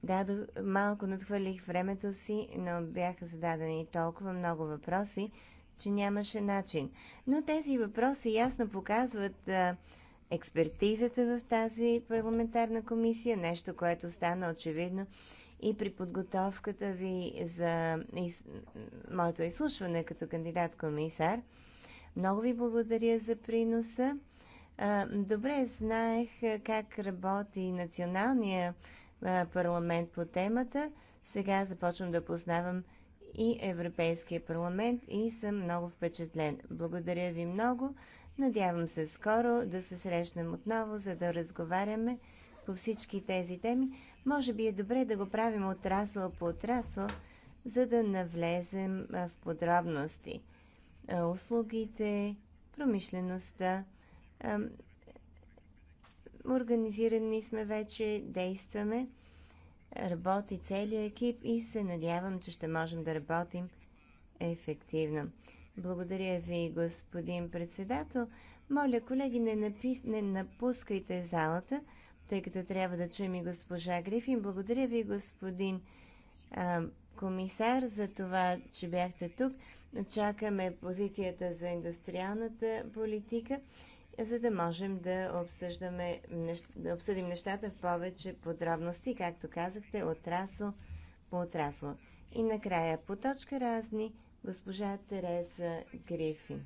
B: до малко надхвърлих времето си, но бяха зададени толкова много въпроси, че нямаше начин. Но тези въпроси ясно показват а, експертизата в тази парламентарна комисия, нещо, което стана очевидно и при подготовката ви за из... моето изслушване като кандидат-комисар. Много ви благодаря за приноса. А, добре знаех как работи националния парламент по темата. Сега започвам да познавам и Европейския парламент и съм много впечатлен. Благодаря ви много. Надявам се скоро да се срещнем отново, за да разговаряме по всички тези теми. Може би е добре да го правим отрасъл по отрасъл, за да навлезем в подробности. Услугите, промишлеността, Организирани сме вече, действаме, работи целият екип и се надявам, че ще можем да работим ефективно. Благодаря ви, господин председател. Моля, колеги, не, напис... не напускайте залата, тъй като трябва да чуем и госпожа Грифин. Благодаря ви, господин а, комисар, за това, че бяхте тук. Чакаме позицията за индустриалната политика за да можем да, обсъждаме, да обсъдим нещата в повече подробности, както казахте, отрасъл по отрасъл. И накрая по точка разни госпожа Тереза Грифин.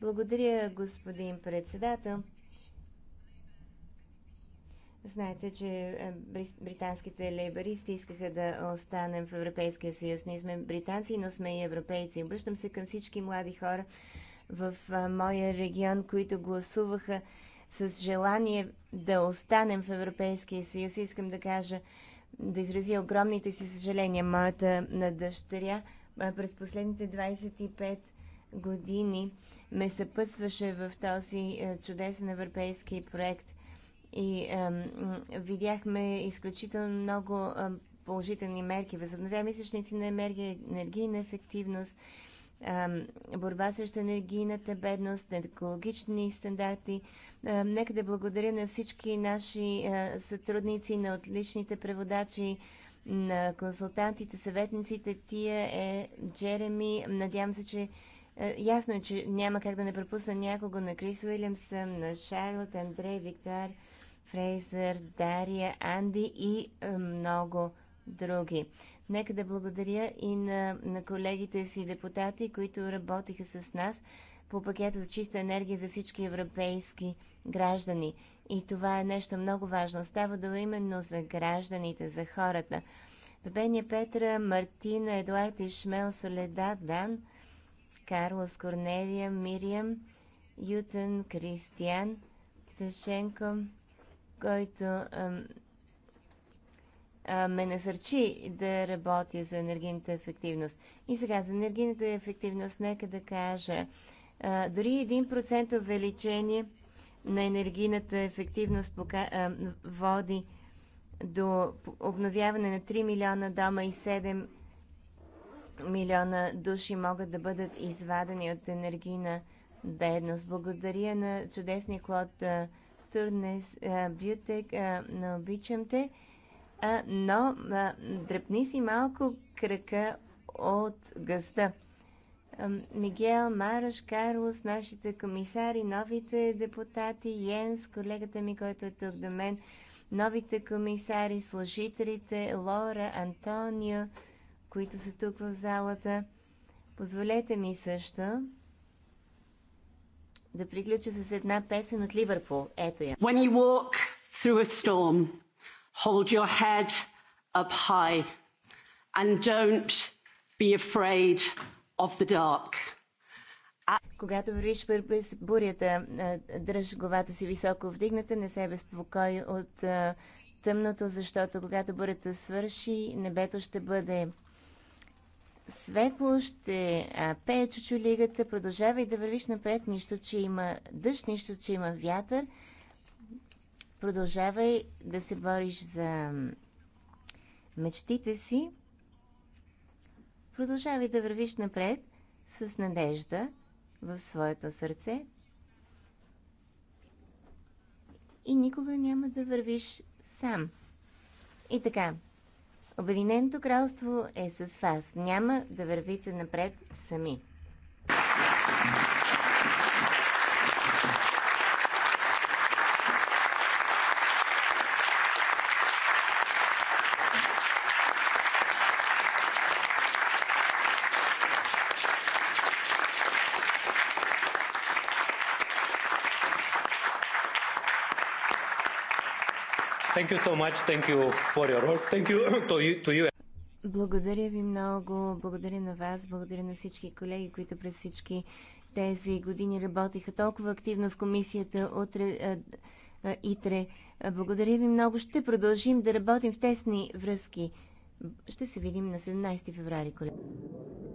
B: Благодаря, господин председател. Знаете, че е, британските лейбаристи искаха да останем в Европейския съюз. Ние сме британци, но сме и европейци. Обръщам се към всички млади хора, в моя регион, които гласуваха с желание да останем в Европейския съюз. Искам да кажа, да изрази огромните си съжаления. Моята на дъщеря през последните 25 години ме съпътстваше в този чудесен европейски проект. И ем, видяхме изключително много положителни мерки. възобновяваме източници на енергия, енергийна ефективност, борба срещу енергийната бедност, на екологични стандарти. Нека да благодаря на всички наши сътрудници, на отличните преводачи, на консултантите, съветниците. Тия е Джереми. Надявам се, че Ясно е, че няма как да не пропусна някого на Крис Уилямс, на Шарлот, Андрей, Виктор, Фрейзър, Дария, Анди и много други. Нека да благодаря и на, на колегите си депутати, които работиха с нас по пакета за чиста енергия за всички европейски граждани. И това е нещо много важно. Става да именно за гражданите, за хората. Пепения Петра, Мартина, Едуард Ишмел, Соледа Дан, Карлос, Корнелия, Мириам, Ютен, Кристиан Ташенко, който ам, ме насърчи да работя за енергийната ефективност. И сега за енергийната ефективност нека да кажа, дори 1% увеличение на енергийната ефективност води до обновяване на 3 милиона дома и 7 милиона души могат да бъдат извадени от енергийна бедност. Благодаря на чудесния Клод Турнес Бютек. Не обичам те а, но а, дръпни си малко крака от гъста. Мигел, Марош, Карлос, нашите комисари, новите депутати, Йенс, колегата ми, който е тук до мен, новите комисари, служителите, Лора, Антонио, които са тук в залата. Позволете ми също да приключа с една песен от Ливърпул. Ето я. When you walk through a storm, hold your head up high and don't be afraid of the dark. Когато вървиш през бурята, дръж главата си високо вдигната, не се безпокой от тъмното, защото когато бурята свърши, небето ще бъде светло, ще пее чучулигата, продължавай да вървиш напред, нищо, че има дъжд, нищо, че има вятър – Продължавай да се бориш за мечтите си. Продължавай да вървиш напред с надежда в своето сърце. И никога няма да вървиш сам. И така, Обединеното кралство е с вас. Няма да вървите напред сами.
A: Thank you so much. Thank you for your work. Thank you to you. To you.
B: Благодаря ви много. Благодаря на вас. Благодаря на всички колеги, които през всички тези години работиха толкова активно в комисията утре, а, ИТРЕ. Благодаря ви много. Ще продължим да работим в тесни връзки. Ще се видим на 17 феврари, колеги.